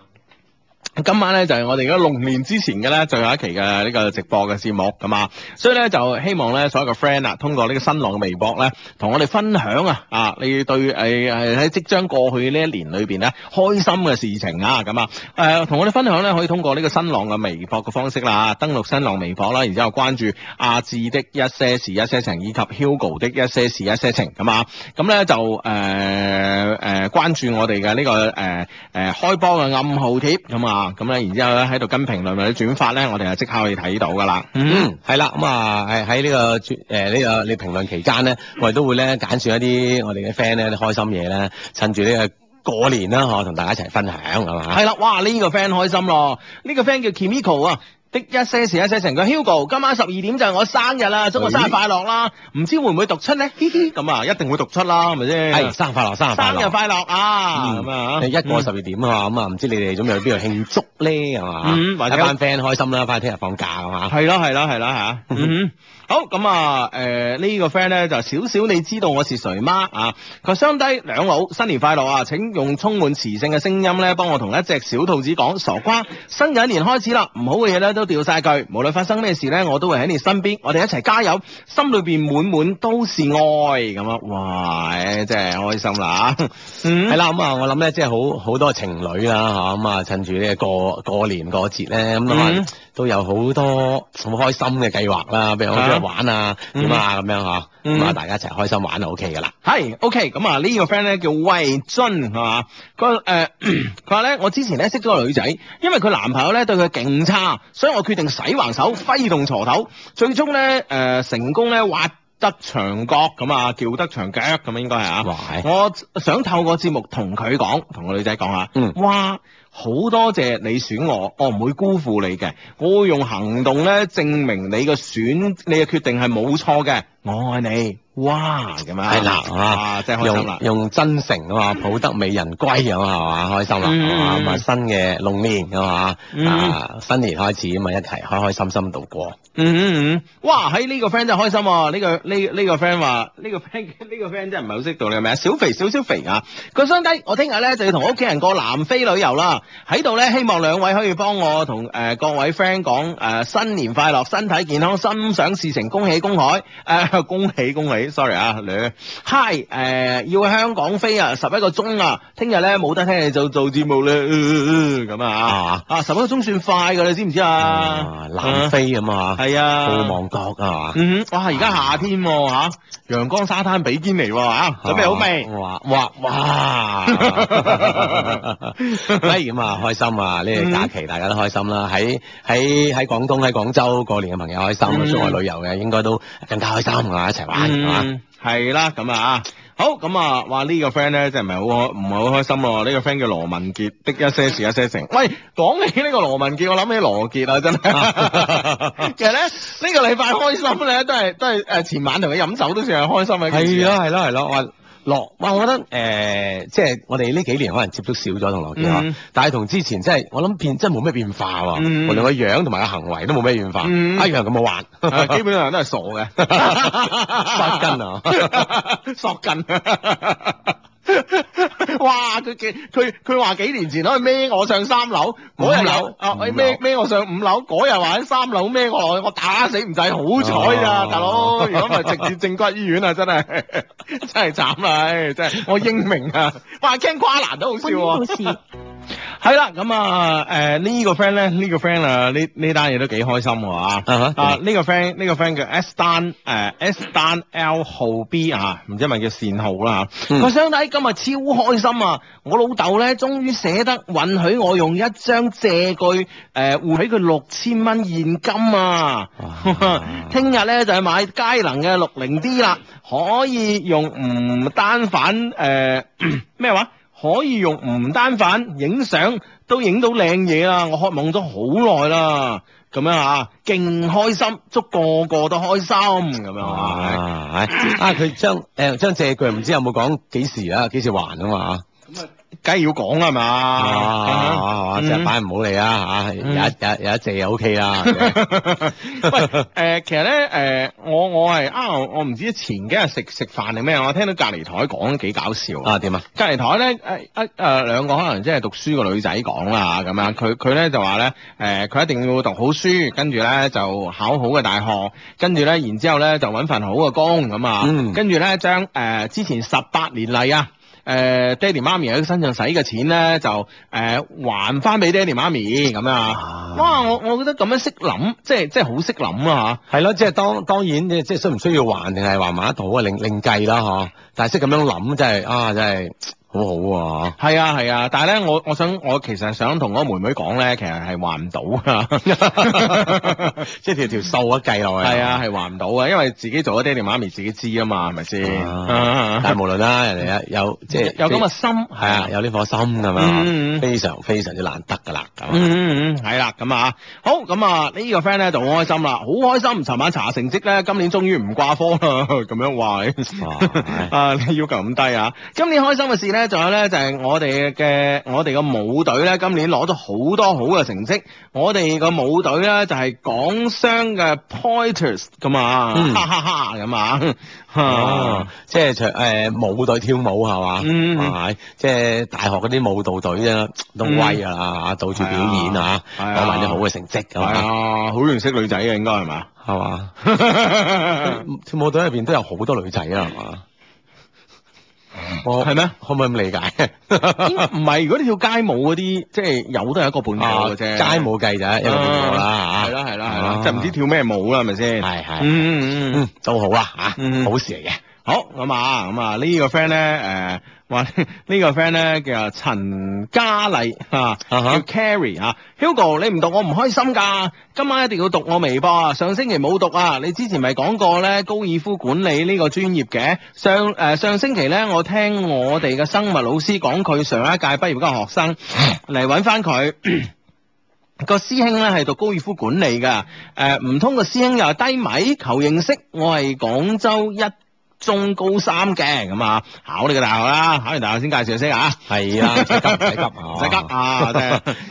今晚咧就係、是、我哋而家六年之前嘅咧，最後一期嘅呢個直播嘅節目，咁啊，所以咧就希望咧所有嘅 friend 啊，通過呢個新浪嘅微博咧，同我哋分享啊，啊，你對誒誒喺即將過去呢一年裏邊咧，開心嘅事情啊，咁啊，誒、呃，同我哋分享咧，可以通過呢個新浪嘅微博嘅方式啦，登錄新浪微博啦，然之後關注阿志的一些事一些情以及 Hugo 的一些事一些情，咁啊，咁咧就誒誒、呃呃、關注我哋嘅呢個誒誒、呃呃、開波嘅暗號貼，咁啊。啊咁咧，然之後咧喺度跟評論或者轉發咧，我哋就即刻可以睇到噶啦、嗯。嗯，係啦、這個，咁啊喺喺呢個誒呢個你評論期間咧，我哋都會咧揀選一啲我哋嘅 friend 咧啲開心嘢咧，趁住呢、這個過年啦呵，同大家一齊分享係嘛？係啦，哇呢、這個 friend 開心咯，呢、這個 friend 叫 Kimiko 啊。的一些事一些情個 Hugo 今晚十二點就係我生日啦，祝我生日快樂啦！唔知會唔會讀出咧？咁 啊，一定會讀出啦，係咪先？係生日快樂，生日快樂！生日快樂啊！咁、嗯、啊，一過十二點啊，咁啊、嗯，唔知你哋準備去邊度慶祝咧？係嘛？嗯，一吧者班 friend 開心啦，返去聽日放假啊！嘛、啊？係囉，係囉，係啦嚇。 好咁啊，誒、呃這個、呢個 friend 咧就少少，你知道我是誰嗎？啊，佢相低兩老新年快樂啊！請用充滿磁性嘅聲音咧，幫我同一隻小兔子講傻瓜，新嘅一年開始啦，唔好嘅嘢，咧都掉晒佢，無論發生咩事咧，我都會喺你身邊，我哋一齊加油，心裏邊滿滿都是愛咁啊！哇，真係開心啦！係啦、mm，咁、hmm. 啊、 嗯，我諗咧即係好好多情侶啦吓，咁啊趁住呢個過過年過節咧咁啊。都有好多好開心嘅計劃啦，譬如好出去玩啊，點啊咁、嗯、樣嗬、啊，咁啊、嗯、大家一齊開心玩就 O K 噶啦係 O K，咁啊呢個 friend 咧叫魏俊係嘛？佢誒佢話咧我之前咧識咗個女仔，因為佢男朋友咧對佢勁差，所以我決定使橫手揮動鋤頭，最終咧誒成功咧挖得牆角，咁啊，叫得牆腳咁啊，應該係啊。我想透過節目同佢講，同個女仔講下，嗯、哇！好多謝你選我，我唔會辜負你嘅，我會用行動咧證明你嘅選，你嘅決定係冇錯嘅。我愛你，哇咁樣，係啦，啊，真開心啦，用真誠啊嘛，抱得美人歸樣，係嘛，開心啦，啊，新嘅龍年啊嘛，啊，新年開始啊一齊開開心心度過。嗯嗯嗯，哇！喺、這、呢個 friend 真係開心、啊，呢、這個呢呢、這個 friend 話呢個 friend 呢、這個 friend、這個、真唔係好識道你係咪啊？小肥小少肥啊！個兄低。我聽日咧就要同屋企人過南非旅遊啦。喺度咧，希望兩位可以幫我同誒、呃、各位 friend 講誒新年快樂，身體健康，心想事成，恭喜公海。誒、呃，恭喜恭喜！Sorry 啊，女、啊。Hi，誒、呃，要去香港飛啊，十一個鐘啊，聽日咧冇得聽你就做節目啦。咁、呃、啊啊，啊十一、啊、個鐘算快噶，你知唔知啊、嗯？南非咁啊。係啊，好望角啊嘛，嗯，哇，而家夏天喎嚇，陽光沙灘比肩嚟喎嚇，準備好未？哇哇哇！咁啊，開心啊，呢個假期大家都開心啦，喺喺喺廣東喺廣州過年嘅朋友開心，出外旅遊嘅應該都更加開心㗎嘛，一齊玩嚇，係啦，咁啊啊！好咁啊，話、這個、呢個 friend 咧，真係唔係好開，唔係好開心咯。呢、這個 friend 叫羅文傑，的一些事一些情。喂，講起呢個羅文傑，我諗起羅傑啊，真係。 其實咧，呢、這個禮拜開心咧，都係都係誒，前晚同佢飲酒都算係開心嘅。係咯係咯係咯。落哇，嗯、我覺得誒、呃，即係我哋呢幾年可能接觸少咗同樂基、嗯、但係同之前即係我諗變，即係冇咩變化喎。無論、嗯、個樣同埋個行為都冇咩變化，一樣咁好玩、嗯，基本上都係傻嘅。 根 索根啊，索根。 哇！佢幾佢佢話幾年前攞去孭我上三樓，五樓樓樓啊！孭、欸、孭我上五樓，嗰日話喺三樓孭我，落去，我打死唔制，好彩啊，哦、大佬！如果唔係直接正骨醫院啊，真係 真係慘啊！唉、欸，真係我英明啊！ 哇，聽跨欄都好笑、啊。 係啦，咁啊，誒呢個 friend 咧，呢個 friend 啊，呢呢單嘢都幾開心喎啊！啊，呢個 friend，呢個 friend 叫 S 單，誒 S 單 L 號 B 啊，唔知係咪叫善號啦嚇。個兄弟今日超開心啊！我老豆咧，終於捨得允許我用一張借據，誒、呃，換起佢六千蚊現金啊！聽 日咧就去、係、買佳能嘅六零 D 啦，可以用唔、呃、單反，誒咩話？可以用唔單反影相都影到靚嘢啦，我渴望咗好耐啦，咁樣啊，勁開心，祝個個都開心咁樣啊！啊，佢張誒，張借據唔知有冇講幾時啊？幾時還啊嘛咁啊？梗係要講啦，係嘛？啊，啊，啊，啊，係嘛、嗯？唔好你啦，吓、啊，有有有一隻又 OK 啦。喂，誒、啊， 其實咧，誒，我我係啊，我唔知前幾日食食飯定咩，我聽到隔籬台講幾搞笑啊？點啊？隔籬台咧，誒一誒兩個可能即係讀書嘅女仔講啦，咁樣，佢佢咧就話咧，誒，佢一定要讀好書，跟住咧就考好嘅大學，跟住咧然之後咧就搵份好嘅工咁啊，跟住咧將誒之前十八年例啊。誒、呃，爹哋媽咪喺身上使嘅錢咧，就誒、呃、還翻俾爹哋媽咪咁樣啊！哇，我我覺得咁樣識諗，即係即係好識諗啊吓，係咯，即係、啊、當當然即即需唔需要還定係還埋一套啊，另另計啦吓，但係識咁樣諗真係啊真係。好好啊，係啊係啊，但係咧，我我想我其實想同我妹妹講咧，其實係還唔到噶，即係條條數啊計落去。係啊係還唔到啊，因為自己做咗爹哋媽咪自己知啊嘛，係咪先？啊，但係無論啦，人哋有即係有咁嘅心，係啊，有呢顆心噶嘛，非常非常之難得噶啦，咁，嗯係啦，咁啊，好咁啊，呢個 friend 咧就好開心啦，好開心，尋晚查成績咧，今年終於唔掛科啦，咁樣話，啊，你要求咁低啊，今年開心嘅事咧。仲有咧，就係、是、我哋嘅我哋嘅舞隊咧，今年攞咗好多好嘅成績。我哋嘅舞隊咧就係、是、港商嘅 pointers 噶嘛，嗯、哈哈哈咁 啊！即係長誒舞隊跳舞係嘛，係、嗯、即係大學嗰啲舞蹈隊啫，都威啊，到處、嗯、表演啊，攞埋啲好嘅成績咁啊！好容易識女仔嘅應該係嘛，係嘛？跳舞隊入邊都有好多女仔啊，係嘛？係咩？哦、嗎可唔可以咁理解？唔 係、嗯，如果你跳街舞嗰啲，即、就、係、是、有都係一個半鐘嘅啫。街舞計就一個半鐘啦，吓係啦係啦，就唔知跳咩舞啦，係咪先？係係，嗯嗯、啊、嗯，都好、嗯、啊吓，好事嚟嘅。好咁啊，咁、嗯、啊、嗯這個、呢個 friend 咧誒。呃話、這個、呢個 friend 咧，叫陳嘉麗吓，啊 uh huh. 叫 Carrie、啊、Hugo 你唔讀我唔開心噶，今晚一定要讀我微博。啊。上星期冇讀啊，你之前咪講過咧高爾夫管理呢個專業嘅？上、誒、呃、上星期咧我聽我哋嘅生物老師講，佢上一屆畢業嗰個學生嚟搵翻佢個師兄咧係讀高爾夫管理噶，誒唔通個師兄又係低米求認識？我係廣州一。中高三嘅，咁啊，考你個大學啦，考完大學先介紹先 啊。係 啊，唔使急唔使急，唔使急啊，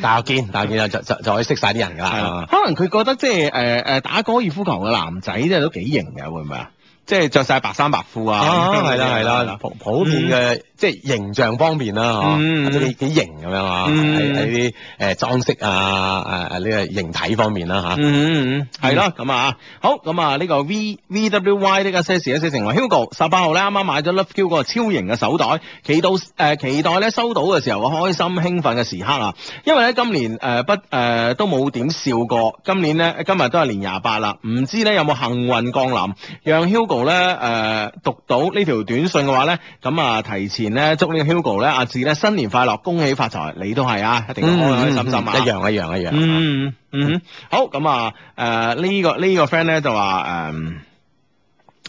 大學見，大學見就就就可以識晒啲人噶啦。 啊、可能佢覺得即係誒誒打高爾夫球嘅男仔即係都幾型嘅，會唔會 白白啊？即係着晒白衫白褲啊。哦、啊，係啦係啦，普普遍嘅，嗯。即係形象方面啦，嚇、嗯，即係幾幾型咁樣啊？喺啲誒裝飾啊，誒誒呢個形體方面啦，嚇、啊。嗯嗯嗯，係咯，咁啊好，咁啊呢、這個 V V W Y 呢個 Sister 寫成為 Hugo，十八號咧啱啱買咗 Love Q 個超型嘅手袋，期待誒、呃、期待咧收到嘅時候，我開心興奮嘅時刻啊！因為咧今年誒、呃、不誒、呃、都冇點笑過，今年咧今日都係年廿八啦，唔知咧有冇幸運降臨，讓 Hugo 咧誒讀到呢條短信嘅話咧，咁啊提前。咧祝呢個 Hugo 咧阿志咧新年快樂，恭喜發財，你都係啊，一定要開開心心啊、嗯，一樣一樣一樣。嗯嗯，嗯嗯好咁啊誒呢、呃呢個呢、呢個 friend 咧就話誒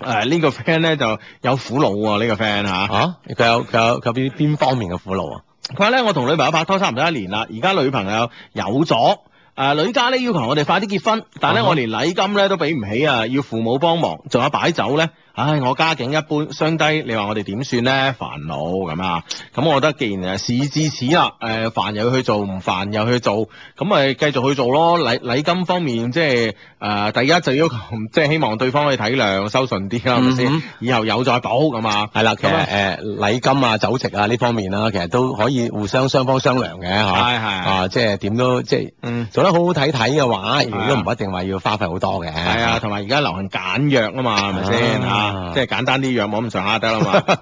誒呢個 friend 咧就有苦惱啊呢、呢個 friend 嚇、啊，嚇佢、啊、有佢有佢邊邊方面嘅苦惱啊？佢話咧我同女朋友拍拖差唔多一年啦，而家女朋友有咗誒、呃，女家咧要求我哋快啲結婚，但咧、嗯、哼我連禮金咧都俾唔起啊，要父母幫忙，仲有擺酒咧。.唉，我家境一般，相低，你話我哋點算咧？煩惱咁啊，咁我覺得既然誒事至此啦，誒煩又去做，唔煩又去做，咁咪繼續去做咯。禮禮金方面，即係誒，第一就要求，即係希望對方可以體諒、收信啲啦，係咪先？以後有再補咁啊。係啦，咁誒禮金啊、酒席啊呢方面啦，其實都可以互相雙方商量嘅。係係啊，即係點都即係，做得好好睇睇嘅話，亦都唔一定話要花費好多嘅。係啊，同埋而家流行簡約啊嘛，係咪先？啊、即係簡單啲樣冇咁上下得啦嘛，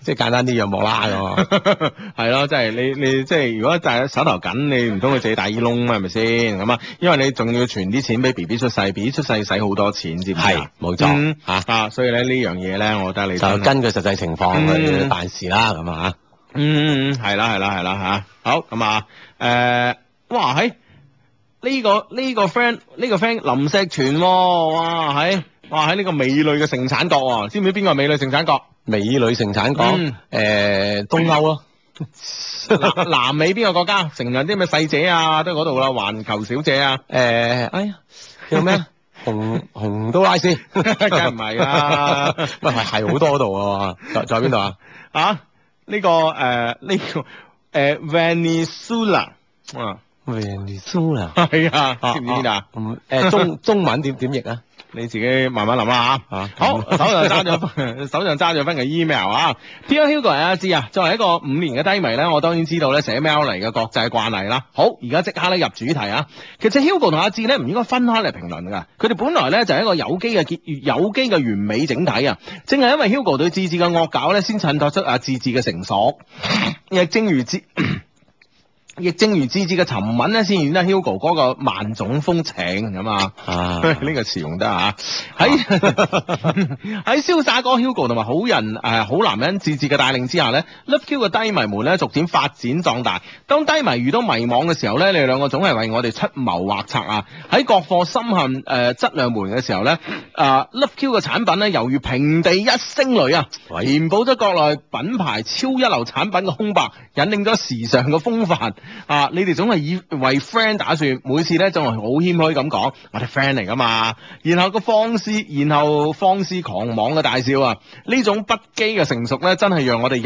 即係簡單啲樣冇啦咁係咯，即係你你即係如果就係手頭緊，你唔通佢借大耳窿咩？係咪先咁啊？因為你仲要存啲錢俾 B B 出世，B B 出世使好多錢，知唔知？係冇錯嚇、嗯、啊！所以咧呢樣嘢咧，我覺得你就根據實際情況去辦、嗯、事啦，咁啊嚇、嗯。嗯，係啦，係啦，係啦嚇。好咁啊，誒、這個這個，哇嘿！呢個呢個 friend 呢個 friend 林石全喎，哇嘿！哇！喺呢個美女嘅盛產國喎，知唔知邊個係美女盛產國？美女盛產國，誒東歐咯。南美邊個國家盛產啲咩細姐啊？都喺嗰度啦，環球小姐啊。誒，哎呀，叫咩？洪洪都拉斯，梗係唔係啦？唔係，係好多嗰度啊！在在邊度啊？啊？呢個誒呢個誒 Venezuela。嗯，Venezuela。係啊，知唔知邊度啊？誒中中文點點譯啊？你自己慢慢諗下，吓。好，好 手上揸咗， 手上揸咗翻個 email 啊。Dear Hugo 同阿志啊，作為一個五年嘅低迷咧，我當然知道咧寫 mail 嚟嘅國際慣例啦。好，而家即刻咧入主題啊。其實 Hugo 同阿志咧唔應該分開嚟評論噶，佢哋本來咧就係一個有機嘅結，有機嘅完美整體啊。正係因為 Hugo 對志志嘅惡搞咧，先襯托出阿志志嘅成熟。亦 正如志。 亦正如字字嘅沉穩咧，先顯得 Hugo 嗰個萬種風情咁啊！ 啊，呢個詞用得啊！喺喺瀟灑哥 Hugo 同埋好人誒、呃、好男人字字嘅帶領之下咧，Love Q 嘅低迷門咧逐漸發展壯大。當低迷遇到迷茫嘅時候咧，你哋兩個總係為我哋出謀劃策啊！喺國貨深陷誒呃、質量門嘅時候咧，啊、呃、Love Q 嘅產品咧猶如平地一聲雷啊，填補咗國內品牌超一流產品嘅空白，引領咗時尚嘅風範。啊！你哋總係以為 friend 打算，每次咧就係好謙虛咁講，我哋 friend 嚟噶嘛。然後個方思，然後方思狂妄嘅大笑啊！呢種不羈嘅成熟咧，真係讓我哋又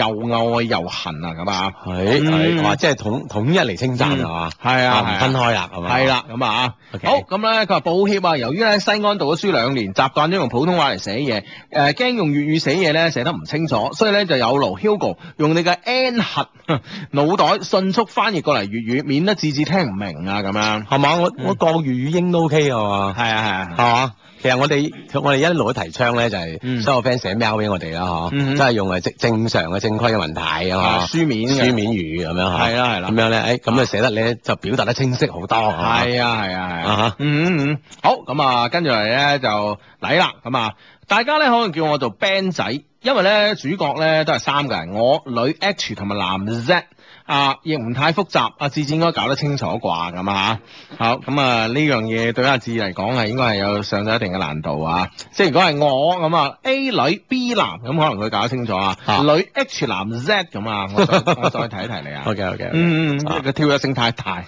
愛又恨啊！咁啊，係係，我即係統統一嚟稱讚係嘛？係啊，分開啦，係嘛？係啦，咁啊，好咁咧。佢話抱歉啊，由於喺西安讀咗書兩年，習慣咗用普通話嚟寫嘢，誒驚用粵語寫嘢咧寫得唔清楚，所以咧就有勞 Hugo 用你嘅 N 核腦袋迅速翻譯。過嚟粵語，免得字字聽唔明啊！咁樣係嘛？我我國語語英都 OK 嘅喎。係啊係啊，係嘛？其實我哋我哋一路都提倡咧，就係所有 friend 寫 mail 俾我哋啦，嚇，即係用誒正正常嘅正規嘅文體啊，書面書面語咁樣嚇。係啦係啦，咁樣咧，誒咁就寫得咧就表達得清晰好多嚇。係啊係啊係啊嚇。嗯嗯好咁啊，跟住嚟咧就禮啦咁啊，大家咧可能叫我做 band 仔，因為咧主角咧都係三個人，我女 H 同埋男 Z。啊，亦唔太複雜，阿志志應該搞得清楚啩咁啊。好、啊，咁啊呢樣嘢對阿志嚟講係應該係有上咗一定嘅難度啊。即係如果係我咁啊，A 女 B 男咁可能佢搞得清楚啊。女 H 男 Z 咁啊，我再睇 一睇你啊。O K O K。嗯嗯，個跳躍性太大。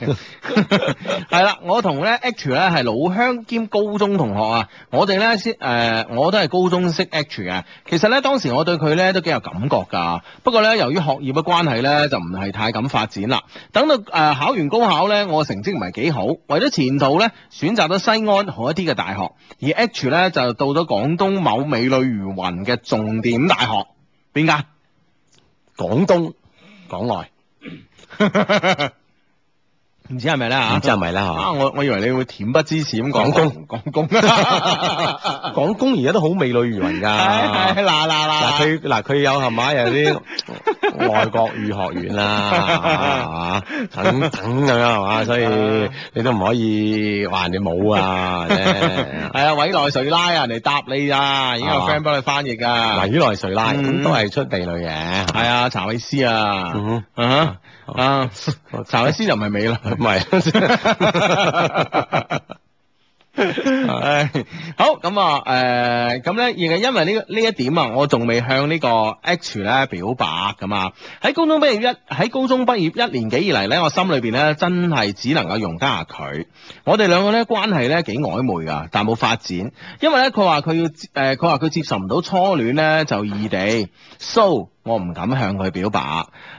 係 啦， 我同咧 H 咧係老鄉兼高中同學啊。我哋咧先誒，我都係高中識 H 嘅。其實咧當時我對佢咧都幾有感覺㗎。不過咧由於學業嘅關係咧就唔係太。咁發展啦。等到誒、呃、考完高考咧，我成績唔係幾好，為咗前途咧，選擇咗西安好一啲嘅大學，而 H 咧就到咗廣東某美女如雲嘅重點大學，邊間？廣東，廣港外。唔 知係咪啦嚇？唔知係咪啦嚇？啊，我我以為你會恬不知恥咁。廣工，廣工港公，廣工而家都好美女如雲㗎。嗱嗱嗱，嗱佢嗱佢有係咪？有啲。 外國語學院啦、啊，等等咁樣係嘛，所以你都唔可以話人哋冇啊，啫。 係啊，委內瑞拉啊，人哋答你啊，已經有 friend 幫你翻譯噶。嗱，委內瑞拉咁都係出地女嘅。係啊，查韋斯啊，啊啊，查韋斯就唔係美啦，唔係。唉、 嗯，好咁啊，誒，咁咧亦係因為呢個呢一點啊，我仲未向呢個 H 咧表白咁啊。喺高中畢業一喺高中畢業一年幾以嚟咧，我心裏邊咧真係只能夠容得下佢。我哋兩個咧關係咧幾曖昧㗎，但冇發展，因為咧佢話佢要誒，佢話佢接受唔到初戀咧就異地，so。我唔敢向佢表白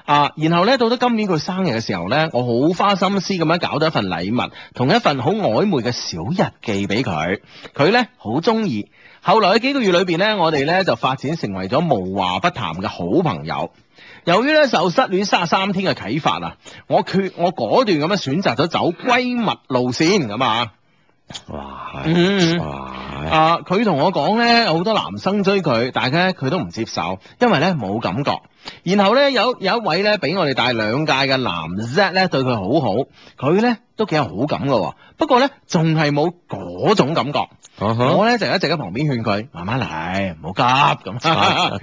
啊！然後咧，到咗今年佢生日嘅時候呢，我好花心思咁樣搞咗一份禮物，同一份好曖昧嘅小日記俾佢，佢呢好中意。後來喺幾個月裏邊呢，我哋呢就發展成為咗無話不談嘅好朋友。由於呢受失戀三十三天嘅啟發啊，我決我果斷咁樣選擇咗走閨蜜路線咁啊！哇，嗯、哇唉啊，佢同我講呢，好多男生追佢，但係佢都唔接受，因為呢冇感覺。然後呢，有有一位呢比我哋大兩屆嘅男 Z 呢對佢好好，佢呢都幾有好感㗎喎，不過呢，仲係冇嗰種感覺。 我咧就一直喺旁邊勸佢，慢慢嚟，唔好急咁。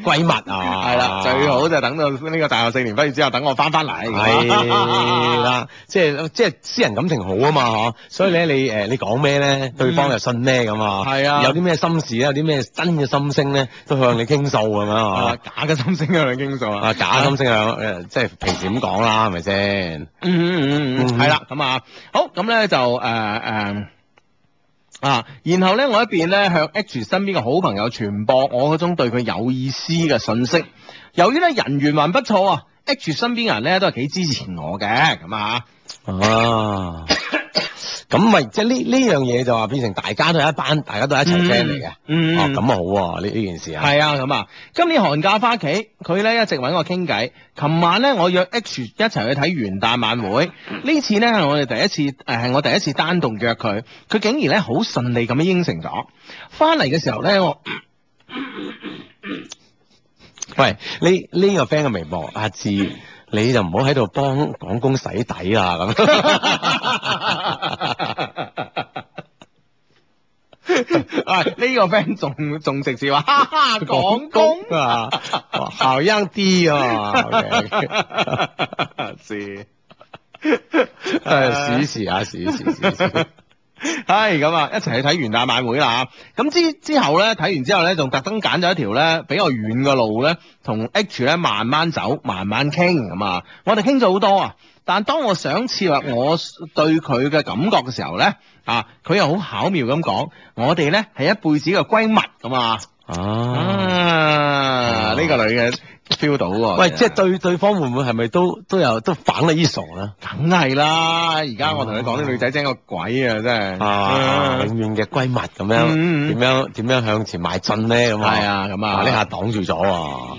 閨蜜啊，係啦，最好就等到呢個大學四年畢業之後，等我返返嚟。係 啦、 即係，即係即係私人感情好啊嘛，所以咧，你誒你講咩咧，對方又信咩咁是啊？係啊，有啲咩心事咧，有啲咩真嘅心聲咧，都向你傾訴咁樣啊？ 假嘅心聲向你傾訴啊？假心聲向誒即係平時咁講啦，係咪先？ 嗯係呵啦，咁啊、 right, uh, 呃，好、呃，咁咧就誒誒。啊，然後咧，我一邊咧向 H 身邊嘅好朋友傳播我嗰種對佢有意思嘅信息。由於咧人緣還不錯啊，H 身邊人咧都係幾支持我嘅，咁啊，啊。 咁咪即係呢呢樣嘢就話變成大家都一班，大家都一齊 friend 嚟嘅。嗯咁、哦、好呢、啊、呢件事啊。係啊，咁啊，今年寒假翻屋企，佢呢一直搵我傾偈。琴晚呢，我約 H 一齊去睇元旦晚會。呢次呢係我哋第一次，誒係我第一次單獨約佢，佢竟然呢好順利咁樣應承咗。翻嚟嘅時候呢，我，喂，你呢個 friend 嘅微博阿志。你就唔好喺度幫廣工洗底啊咁。呢、 哎這個 friend 仲仲直接話，哈、啊、哈，廣工，校音啲喎。哦 okay、 是，係試試啊試試試試。試試啊試試試試試係咁、哎、啊，一齊去睇元旦晚會啦。咁之之後咧，睇完之後呢，仲特登揀咗一條呢比較遠嘅路呢，同 H 呢慢慢走，慢慢傾咁啊。我哋傾咗好多啊。但當我想切入我對佢嘅感覺嘅時候呢，啊，佢又好巧妙咁講，我哋呢係一輩子嘅閨蜜咁啊。啊！呢個女嘅 feel 到喎，喂，即係對對方會唔會係咪都都有都反你啲傻咧？梗係啦，而家我同你講啲女仔精個鬼啊，真係永遠嘅閨蜜咁樣，點樣點樣向前邁進咧？咁係啊，咁啊，呢下擋住咗，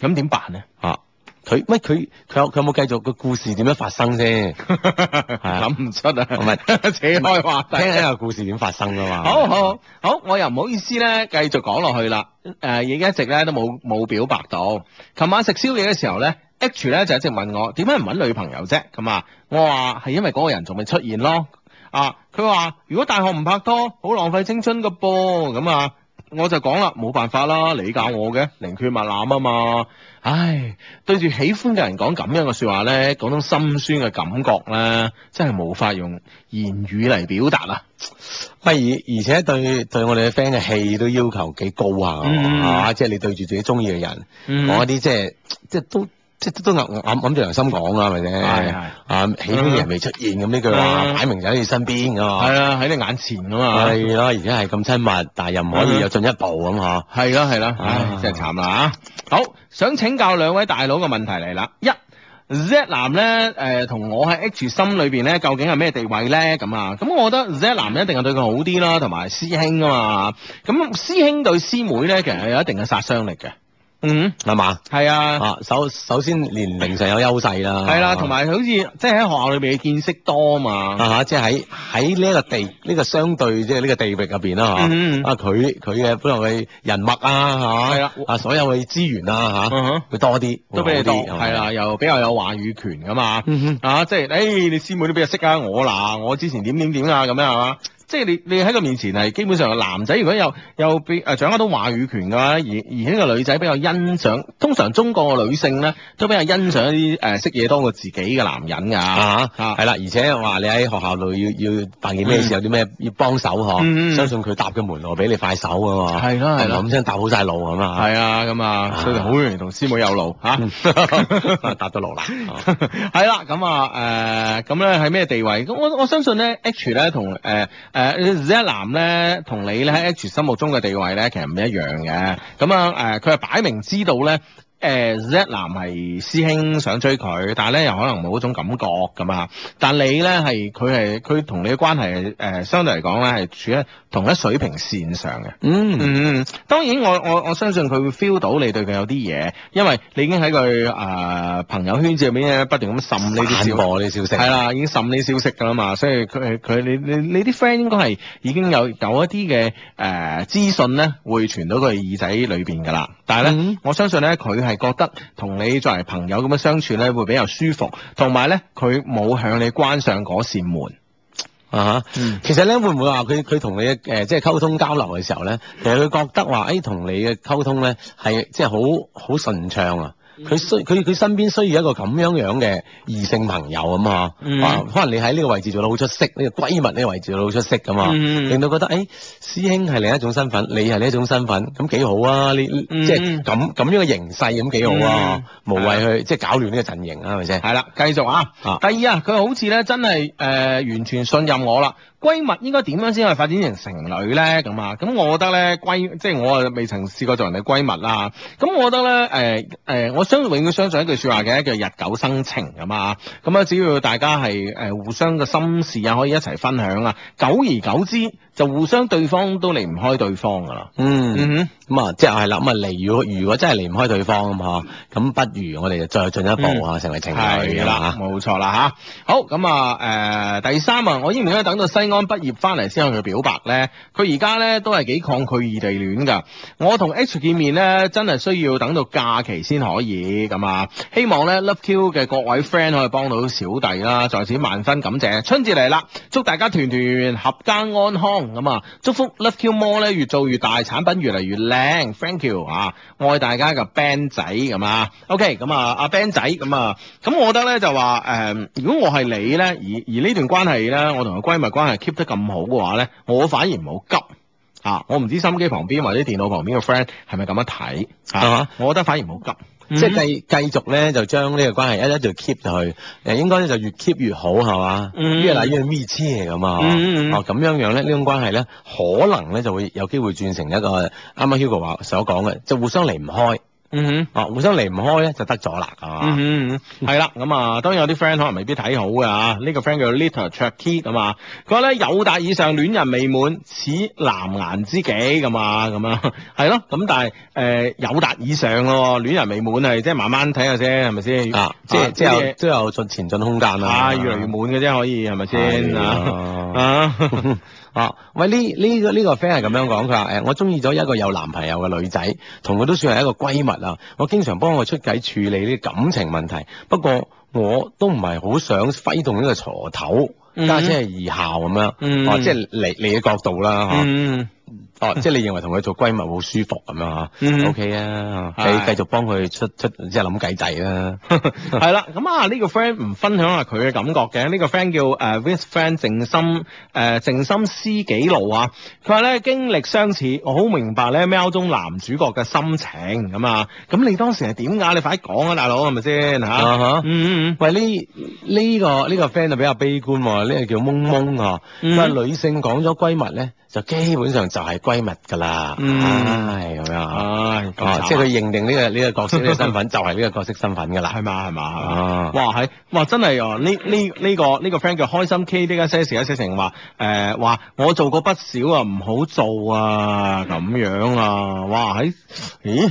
咁點辦咧？啊！佢乜？佢佢有佢有冇繼續個故事點樣發生先？諗唔、 啊、出啊！唔係扯開話題， 聽下個故事點發生噶嘛，好？好，好好，好，我又唔好意思咧，繼續講落去啦。誒、呃，已經一直咧都冇冇表白到。琴晚食宵夜嘅時候咧，H 咧就一直問我點解唔揾女朋友啫？咁、嗯、啊，我話係因為嗰個人仲未出現咯。啊，佢話如果大學唔拍拖，好浪費青春噶噃咁啊！嗯嗯我就講啦，冇辦法啦，你教我嘅，寧缺勿濫啊嘛。唉，對住喜歡嘅人講咁樣嘅說話咧，嗰種心酸嘅感覺咧，真係無法用言語嚟表達啦。不如，而且對對我哋嘅 friend 嘅戲都要求幾高、嗯、啊，係即係你對住自己中意嘅人，講一啲即係即係都。即都諗諗住良心講啊，係咪啫？啊，喜歡嘅人未出現咁呢句話，擺明就喺你身邊噶嘛。係啊，喺你眼前噶嘛。係咯，而家係咁親密，但係又唔可以有進一步咁呵？係咯係咯，唉，真係慘啦嚇！好，想請教兩位大佬嘅問題嚟啦。一 Z 男咧，誒同我喺 H 心裏邊咧，究竟係咩地位咧？咁啊，咁我覺得 Z 男一定係對佢好啲啦，同埋師兄啊嘛。咁師兄對師妹咧，其實係有一定嘅殺傷力嘅。嗯，係嘛、mm？係、hmm. 吧啊，首首先年齡上有優勢啦、啊，係啦、啊，同埋好似即係喺學校裏邊嘅見識多啊嘛，啊即係喺喺呢一個地呢、這個相對即係呢個地域入邊啦嚇，mm hmm. 啊佢佢嘅本來嘅人脈啊嚇，係啦、啊，啊所有嘅資源啊嚇，佢、uh huh. 多啲，都俾你多，係啦吧、啊，又比較有話語權噶嘛，mm hmm. 啊即係，誒、就是哎、你師妹都俾我識啊，我嗱我，我之前點點點啊咁樣係嘛？即係你你喺佢面前係基本上個，男仔如果有有俾誒掌握到話語權嘅話，而而呢個女仔比較欣賞，通常中國嘅女性咧都比較欣賞啲誒識嘢多過自己嘅男人噶，啊係啦，而且話你喺學校度要要辦件咩事，有啲咩要幫手嗬，相信佢搭嘅門路畀你快手噶嘛，係啦係啦，咁先搭好晒路咁啊，係啊咁啊，所以好容易同師妹有路吓，搭到路啦，係啦咁啊誒咁咧係咩地位？咁我我相信咧 H 咧同誒。誒、呃、，Z 男咧同你咧喺 H 心目中嘅地位咧，其實唔一樣嘅。咁啊，誒、呃，佢係擺明知道咧。誒、uh,，Z 男係師兄想追佢，但係咧又可能冇嗰種感覺㗎嘛，但係你咧係佢係佢同你嘅關係誒、呃，相對嚟講咧係處喺同一水平線上嘅。嗯嗯嗯，當然我我我相信佢會 feel 到你對佢有啲嘢，因為你已經喺佢誒朋友圈子入邊不斷咁滲呢啲消息，散播呢啲消息，係啦，已經滲呢消息㗎啦嘛。所以佢佢你你你啲 friend 應該係已經有有一啲嘅誒資訊咧，會傳到佢耳仔裏邊㗎啦。但係咧，嗯、我相信咧佢。係覺得同你作為朋友咁樣相處咧，會比較舒服，同埋咧佢冇向你關上嗰扇門啊。嗯、呃呢，其實咧會唔會話佢佢同你誒即係溝通交流嘅時候咧，其實佢覺得話誒同你嘅溝通咧係即係好好順暢啊。佢需佢佢身邊需要一個咁樣樣嘅異性朋友吖嘛，可能你喺呢個位置做得好出色，呢、這個閨蜜呢個位置做得好出色咁嘛。令、啊、到覺得誒、哎、師兄係另一種身份，你係呢一種身份，咁幾好啊。你、嗯、即係咁咁樣嘅形勢咁幾好啊。嗯、無謂去的即係搞亂呢個陣營啊。係咪先？係啦，繼續啊。啊第二啊，佢好似咧真係誒、呃、完全信任我啦。閨蜜應該點樣先可以發展成情侶呢？咁啊，咁我覺得呢，閨即係我啊未曾試過做人哋閨蜜啦。咁我覺得呢，誒、呃、誒、呃，我相信永遠相信一句說話嘅，叫日久生情咁啊。咁啊，只要大家係誒互相嘅心事啊，可以一齊分享啊，久而久之，就互相對方都離唔開對方噶啦，嗯，嗯哼，咁啊，即係係咁啊，離如果如果真係離唔開對方咁嗬，咁不如我哋就再進一步、嗯、成成啊，成為情侶嘅嚇，冇錯啦嚇。好咁啊，誒第三啊，我應唔應該等到西安畢業翻嚟先向佢表白咧？佢而家咧都係幾抗拒異地戀㗎。我同 H 見面咧，真係需要等到假期先可以咁啊。希望咧 Love Q 嘅各位 friend 可以幫到小弟啦，在此萬分感謝。春節嚟啦，祝大家團團合家安康。咁啊，祝福 Love Kill More 咧越做越大，產品越嚟越靚。Thank you 啊，愛大家嘅 band 仔咁啊。OK，咁啊，阿 band 仔咁啊，咁我覺得咧就話誒、呃，如果我係你咧，而而呢段關係咧，我同佢閨蜜關係 keep 得咁好嘅話咧，我反而唔好急啊。我唔知收音機旁邊或者電腦旁邊嘅 friend 係咪咁樣睇啊？吧我覺得反而唔好急。即係繼繼續咧就將呢個關係一一度 keep 去，誒應該咧就越 keep 越好係嘛？越嚟越咪車咁啊，哦咁 樣樣咧呢種關係咧可能咧就會有機會轉成一個啱啱 Hugo 話所講嘅，就互相離唔開。嗯哼，mm hmm. 啊，互相離唔開咧就得咗啦，係嘛、mm？嗯嗯嗯，係啦，咁啊，當然有啲 friend 可能未必睇好嘅嚇，呢、這個 friend 叫 Little Chuckie 咁啊，佢話咧友達以上，戀人未滿，似藍顏知己咁啊咁啊，係、啊、咯，咁但係誒友達以上咯，戀人未滿係即係慢慢睇下先係咪先？是是啊，啊即係即係即係有進前進空間啊，啊啊越嚟越滿嘅啫，可以係咪先啊？是是啊！ 哦、啊，喂，呢、這、呢個呢、這個 friend 係咁樣講，佢話誒，我中意咗一個有男朋友嘅女仔，同佢都算係一個閨蜜啊。我經常幫佢出計處理啲感情問題，不過我都唔係好想揮動呢個鋤頭，家姐係二孝咁樣，或者係你嘅角度啦。啊嗯嗯哦，oh, 即係你認為同佢做閨蜜好舒服咁樣嗬？O K 啊，你繼是續幫佢出出即係諗計仔啦。係 啦， 咁啊呢個 friend 唔分享下佢嘅感覺嘅，呢、這個叫、uh, friend 叫誒，this friend 靜心誒，靜、uh, 心思幾路啊？佢話咧經歷相似，我好明白咧貓中男主角嘅心情咁啊。咁你當時係點噶？你快講啊，大佬係咪先吓？Uh huh. 嗯嗯喂，呢呢、這個呢、這個 friend 就比較悲觀喎，呢、這個叫蒙蒙啊。佢話 女性講咗閨蜜咧。就基本上就係閨蜜噶啦，係咁樣，即係佢認定呢個呢個角色呢個身份就係呢個角色身份噶啦，係嘛係嘛，哇喺哇真係啊，呢呢呢個呢個 friend 叫開心 K，呢家些時呢家成話誒話我做過不少啊唔好做啊咁樣啊，哇喺，咦，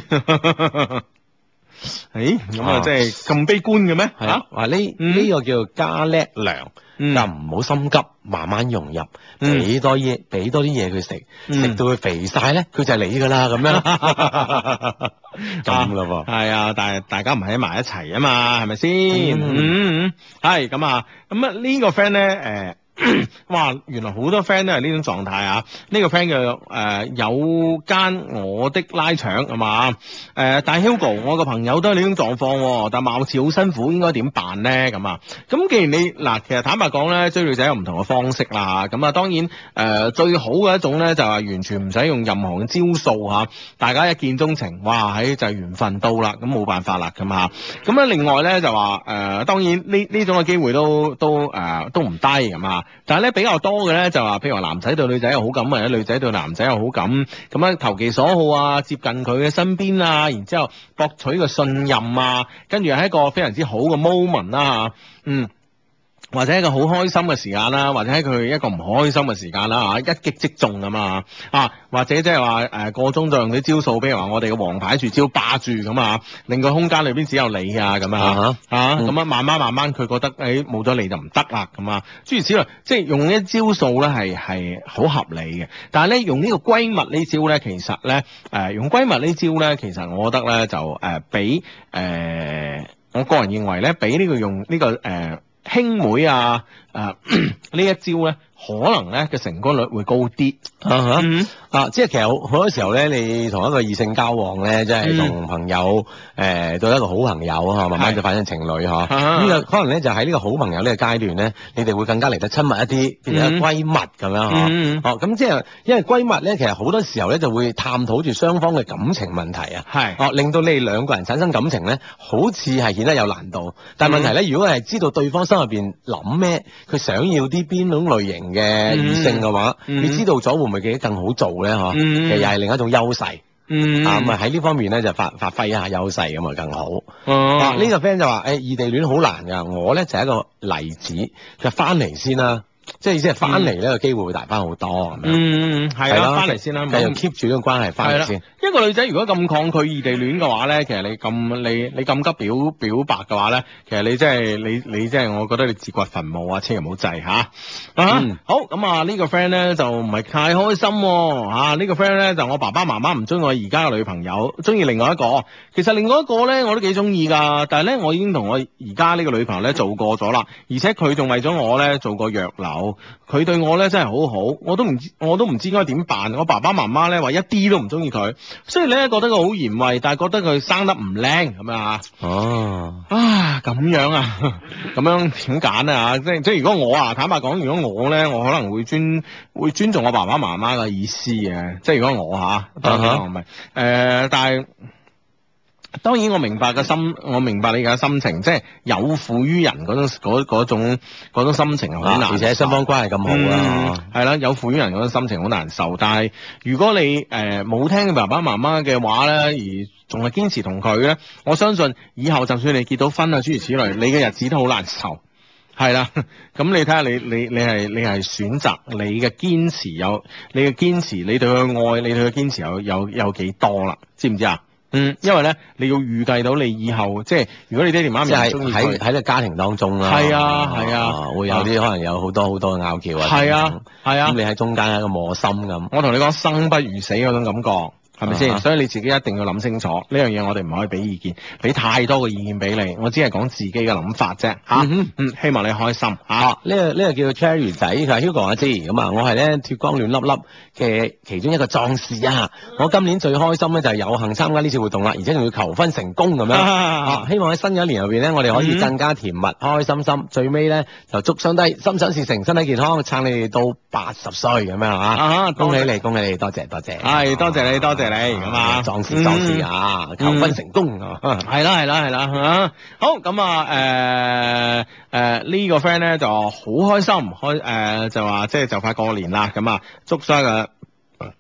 誒咁啊即係咁悲觀嘅咩？吓，嗱呢呢個叫做加叻梁。嗱，唔好心急，慢慢融入，俾多嘢，俾多啲嘢佢食，食、嗯、到佢肥晒，咧，佢就係你噶啦，咁 樣了，咁咯噃，係啊，大大家唔係喺埋一齊啊嘛，係咪先？嗯嗯，係咁啊，咁啊、嗯嗯這個、呢個 friend 咧，誒、呃。哇，原來好多 friend 都係呢種狀態啊！呢、這個 friend 叫誒有間我的拉腸係嘛？誒、呃，但係 Hugo，我個朋友都係呢種狀況、啊，但貌似好辛苦，應該點辦呢？咁啊？咁既然你嗱、呃，其實坦白講呢，追女仔有唔同嘅方式啦咁啊，當然誒、呃、最好嘅一種呢，就係完全唔使用，用任何嘅招數嚇，大家一見鍾情，哇喺、哎、就係、是、緣分到啦，咁冇辦法啦咁啊。咁啊，另外呢，就話誒、呃，當然呢呢種嘅機會都都誒都唔、呃、低咁啊。但係咧比較多嘅咧就話，譬如話男仔對女仔有好感或者女仔對男仔有好感，咁樣投其所好啊，接近佢嘅身邊啊，然之後博取個信任啊，跟住係一個非常之好嘅 moment 啦、啊、嚇，嗯。或者一個好開心嘅時間啦，或者佢一個唔開心嘅時間啦，啊一擊即中咁啊啊，或者即係話誒個鐘就用啲招數，比如話我哋嘅王牌住招霸住咁啊，令個空間裏邊只有你啊咁啊啊咁啊，啊啊嗯、慢慢慢慢佢覺得誒冇咗你就唔得啦咁啊。諸如此類，即係用一招數咧係係好合理嘅，但係咧用個閨密呢個閨蜜呢招咧，其實咧誒、呃、用閨蜜呢招咧，其實我覺得咧就誒、呃、比誒、呃、我個人認為咧比呢個用呢、這個誒。呃兄妹啊，誒、呃、呢 一招咧，可能咧嘅成功率會高啲、嗯、啊即係其實好多時候咧，你同一個異性交往咧，即係同朋友誒到、嗯呃、一個好朋友啊，慢慢就發生情侶呵。咁、嗯啊、就可能咧就喺呢個好朋友呢個階段咧，你哋會更加嚟得親密一啲，變成閨蜜咁樣呵。哦、啊，咁、嗯啊、即係因為閨蜜咧，其實好多時候咧就會探討住雙方嘅感情問題、嗯、啊。係，哦令到你哋兩個人產生感情咧，好似係顯得有難度。但係問題咧，如果係知道對方心入邊諗咩，佢想要啲邊種類型？嘅異性嘅話，嗯、你知道咗會唔會記得更好做咧？嗬、嗯，其實又係另一種優勢，嗯、啊咁喺呢方面咧就發發揮一下優勢咁啊更好。啊、哦，呢個 friend 就話：誒、欸、異地戀好難㗎，我咧就係、是、一個例子，就翻嚟先啦、啊。即係意思係翻嚟呢個機會會大翻好多咁、嗯、樣。嗯的，係啦的，翻嚟先啦，繼續 keep 住個關係翻嚟先。的一個女仔如果咁抗拒異地戀嘅話呢，其實你咁你你咁急表表白嘅話呢，其實你真、就、係、是、你你真係我覺得你自掘墳墓啊，千祈唔好制嚇。嗯、啊，好，咁啊呢個 friend 呢就唔係太開心喎、啊、呢、啊呢個 friend 呢就是、我爸爸媽媽唔中意我而家嘅女朋友，中意另外一個。其實另外一個呢，我都幾中意㗎，但係呢，我已經同我而家呢個女朋友呢做過咗啦，而且佢仲為咗我呢做過藥流。好，佢對我咧真係好好，我都唔，我都唔知應該點辦。我爸爸媽媽咧話一啲都唔中意佢，雖然咧覺得佢好賢惠，但係覺得佢生得唔靚咁樣啊。哦、啊，啊咁樣啊，咁樣點揀啊？即即如果我啊，坦白講，如果我咧，我可能會尊會尊重我爸爸媽媽嘅意思嘅，即如果我吓、啊 uh huh. 呃，但係唔係，誒，但係。當然我明白個心，我明白你嘅心情，即係有負於人嗰種嗰嗰種嗰種心情好難受、啊，而且雙方關係咁好啦，係啦、嗯啊，有負於人嗰種心情好難受。但係如果你誒冇、呃、聽爸爸媽媽嘅話咧，而仲係堅持同佢咧，我相信以後就算你結到婚啊，諸如此類，你嘅日子都好難受。係啦，咁 你睇下你你你係你係選擇你嘅堅持有，你嘅堅持，你對佢愛你對佢堅持有有有幾多啦？知唔知啊？嗯，因為咧，你要預計到你以後，即係如果你爹哋媽咪中意佢喺喺個家庭當中啦，係啊係啊，會有啲可能有好多好多嘅拗撬啊，係啊係啊，咁者、啊、你喺中間有一個磨心咁。我同你講，生不如死種感覺。係咪先？所以你自己一定要諗清楚呢樣嘢，我哋唔可以俾意見，俾太多嘅意見俾你。我只係講自己嘅諗法啫，吓，希望你開心。啊，呢個呢個叫做 Cherry 仔，佢 Hugo 阿 Sir 咁啊，我係咧脫光暖粒粒嘅其中一個壯士啊。我今年最開心咧就係有幸參加呢次活動啦，而且仲要求婚成功咁樣。希望喺新一年入邊咧，我哋可以更加甜蜜、開開心心。最尾咧就祝雙低心想事成、身體健康，撐你哋到八十歲咁樣吓。恭喜你，恭喜你，多謝多謝。係，多謝你，多謝。你咁啊，壯、嗯、士壯士啊，求婚成功啊！係啦係啦係啦吓，好咁啊誒誒，呢、嗯呃呃呃呢個 friend 咧就好開心，開誒、呃，就話即係就快過年啦咁啊，祝所有。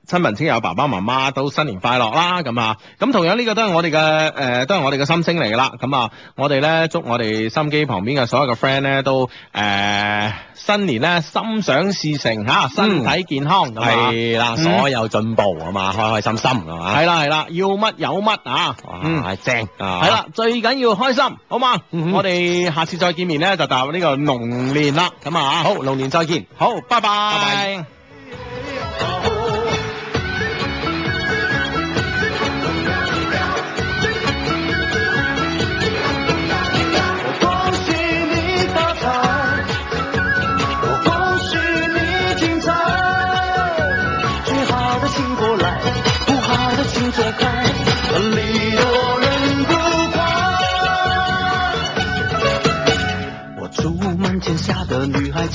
親朋戚友爸爸媽媽都新年快樂啦，咁啊，咁同樣呢、這個都係我哋嘅，誒、呃，都係我哋嘅心聲嚟噶啦，咁啊，我哋咧祝我哋心機旁邊嘅所有嘅 friend 咧都，誒、呃，新年咧心想事成吓，身體健康，係啦，嗯嗯、所有進步啊嘛，開開心心啊嘛，係啦係啦，要乜有乜啊，哇正啊，係啦，最緊要開心，好嘛，嗯、哼我哋下次再見面咧就踏入呢個龍年啦，咁啊好龍年再見，好，拜拜。拜拜。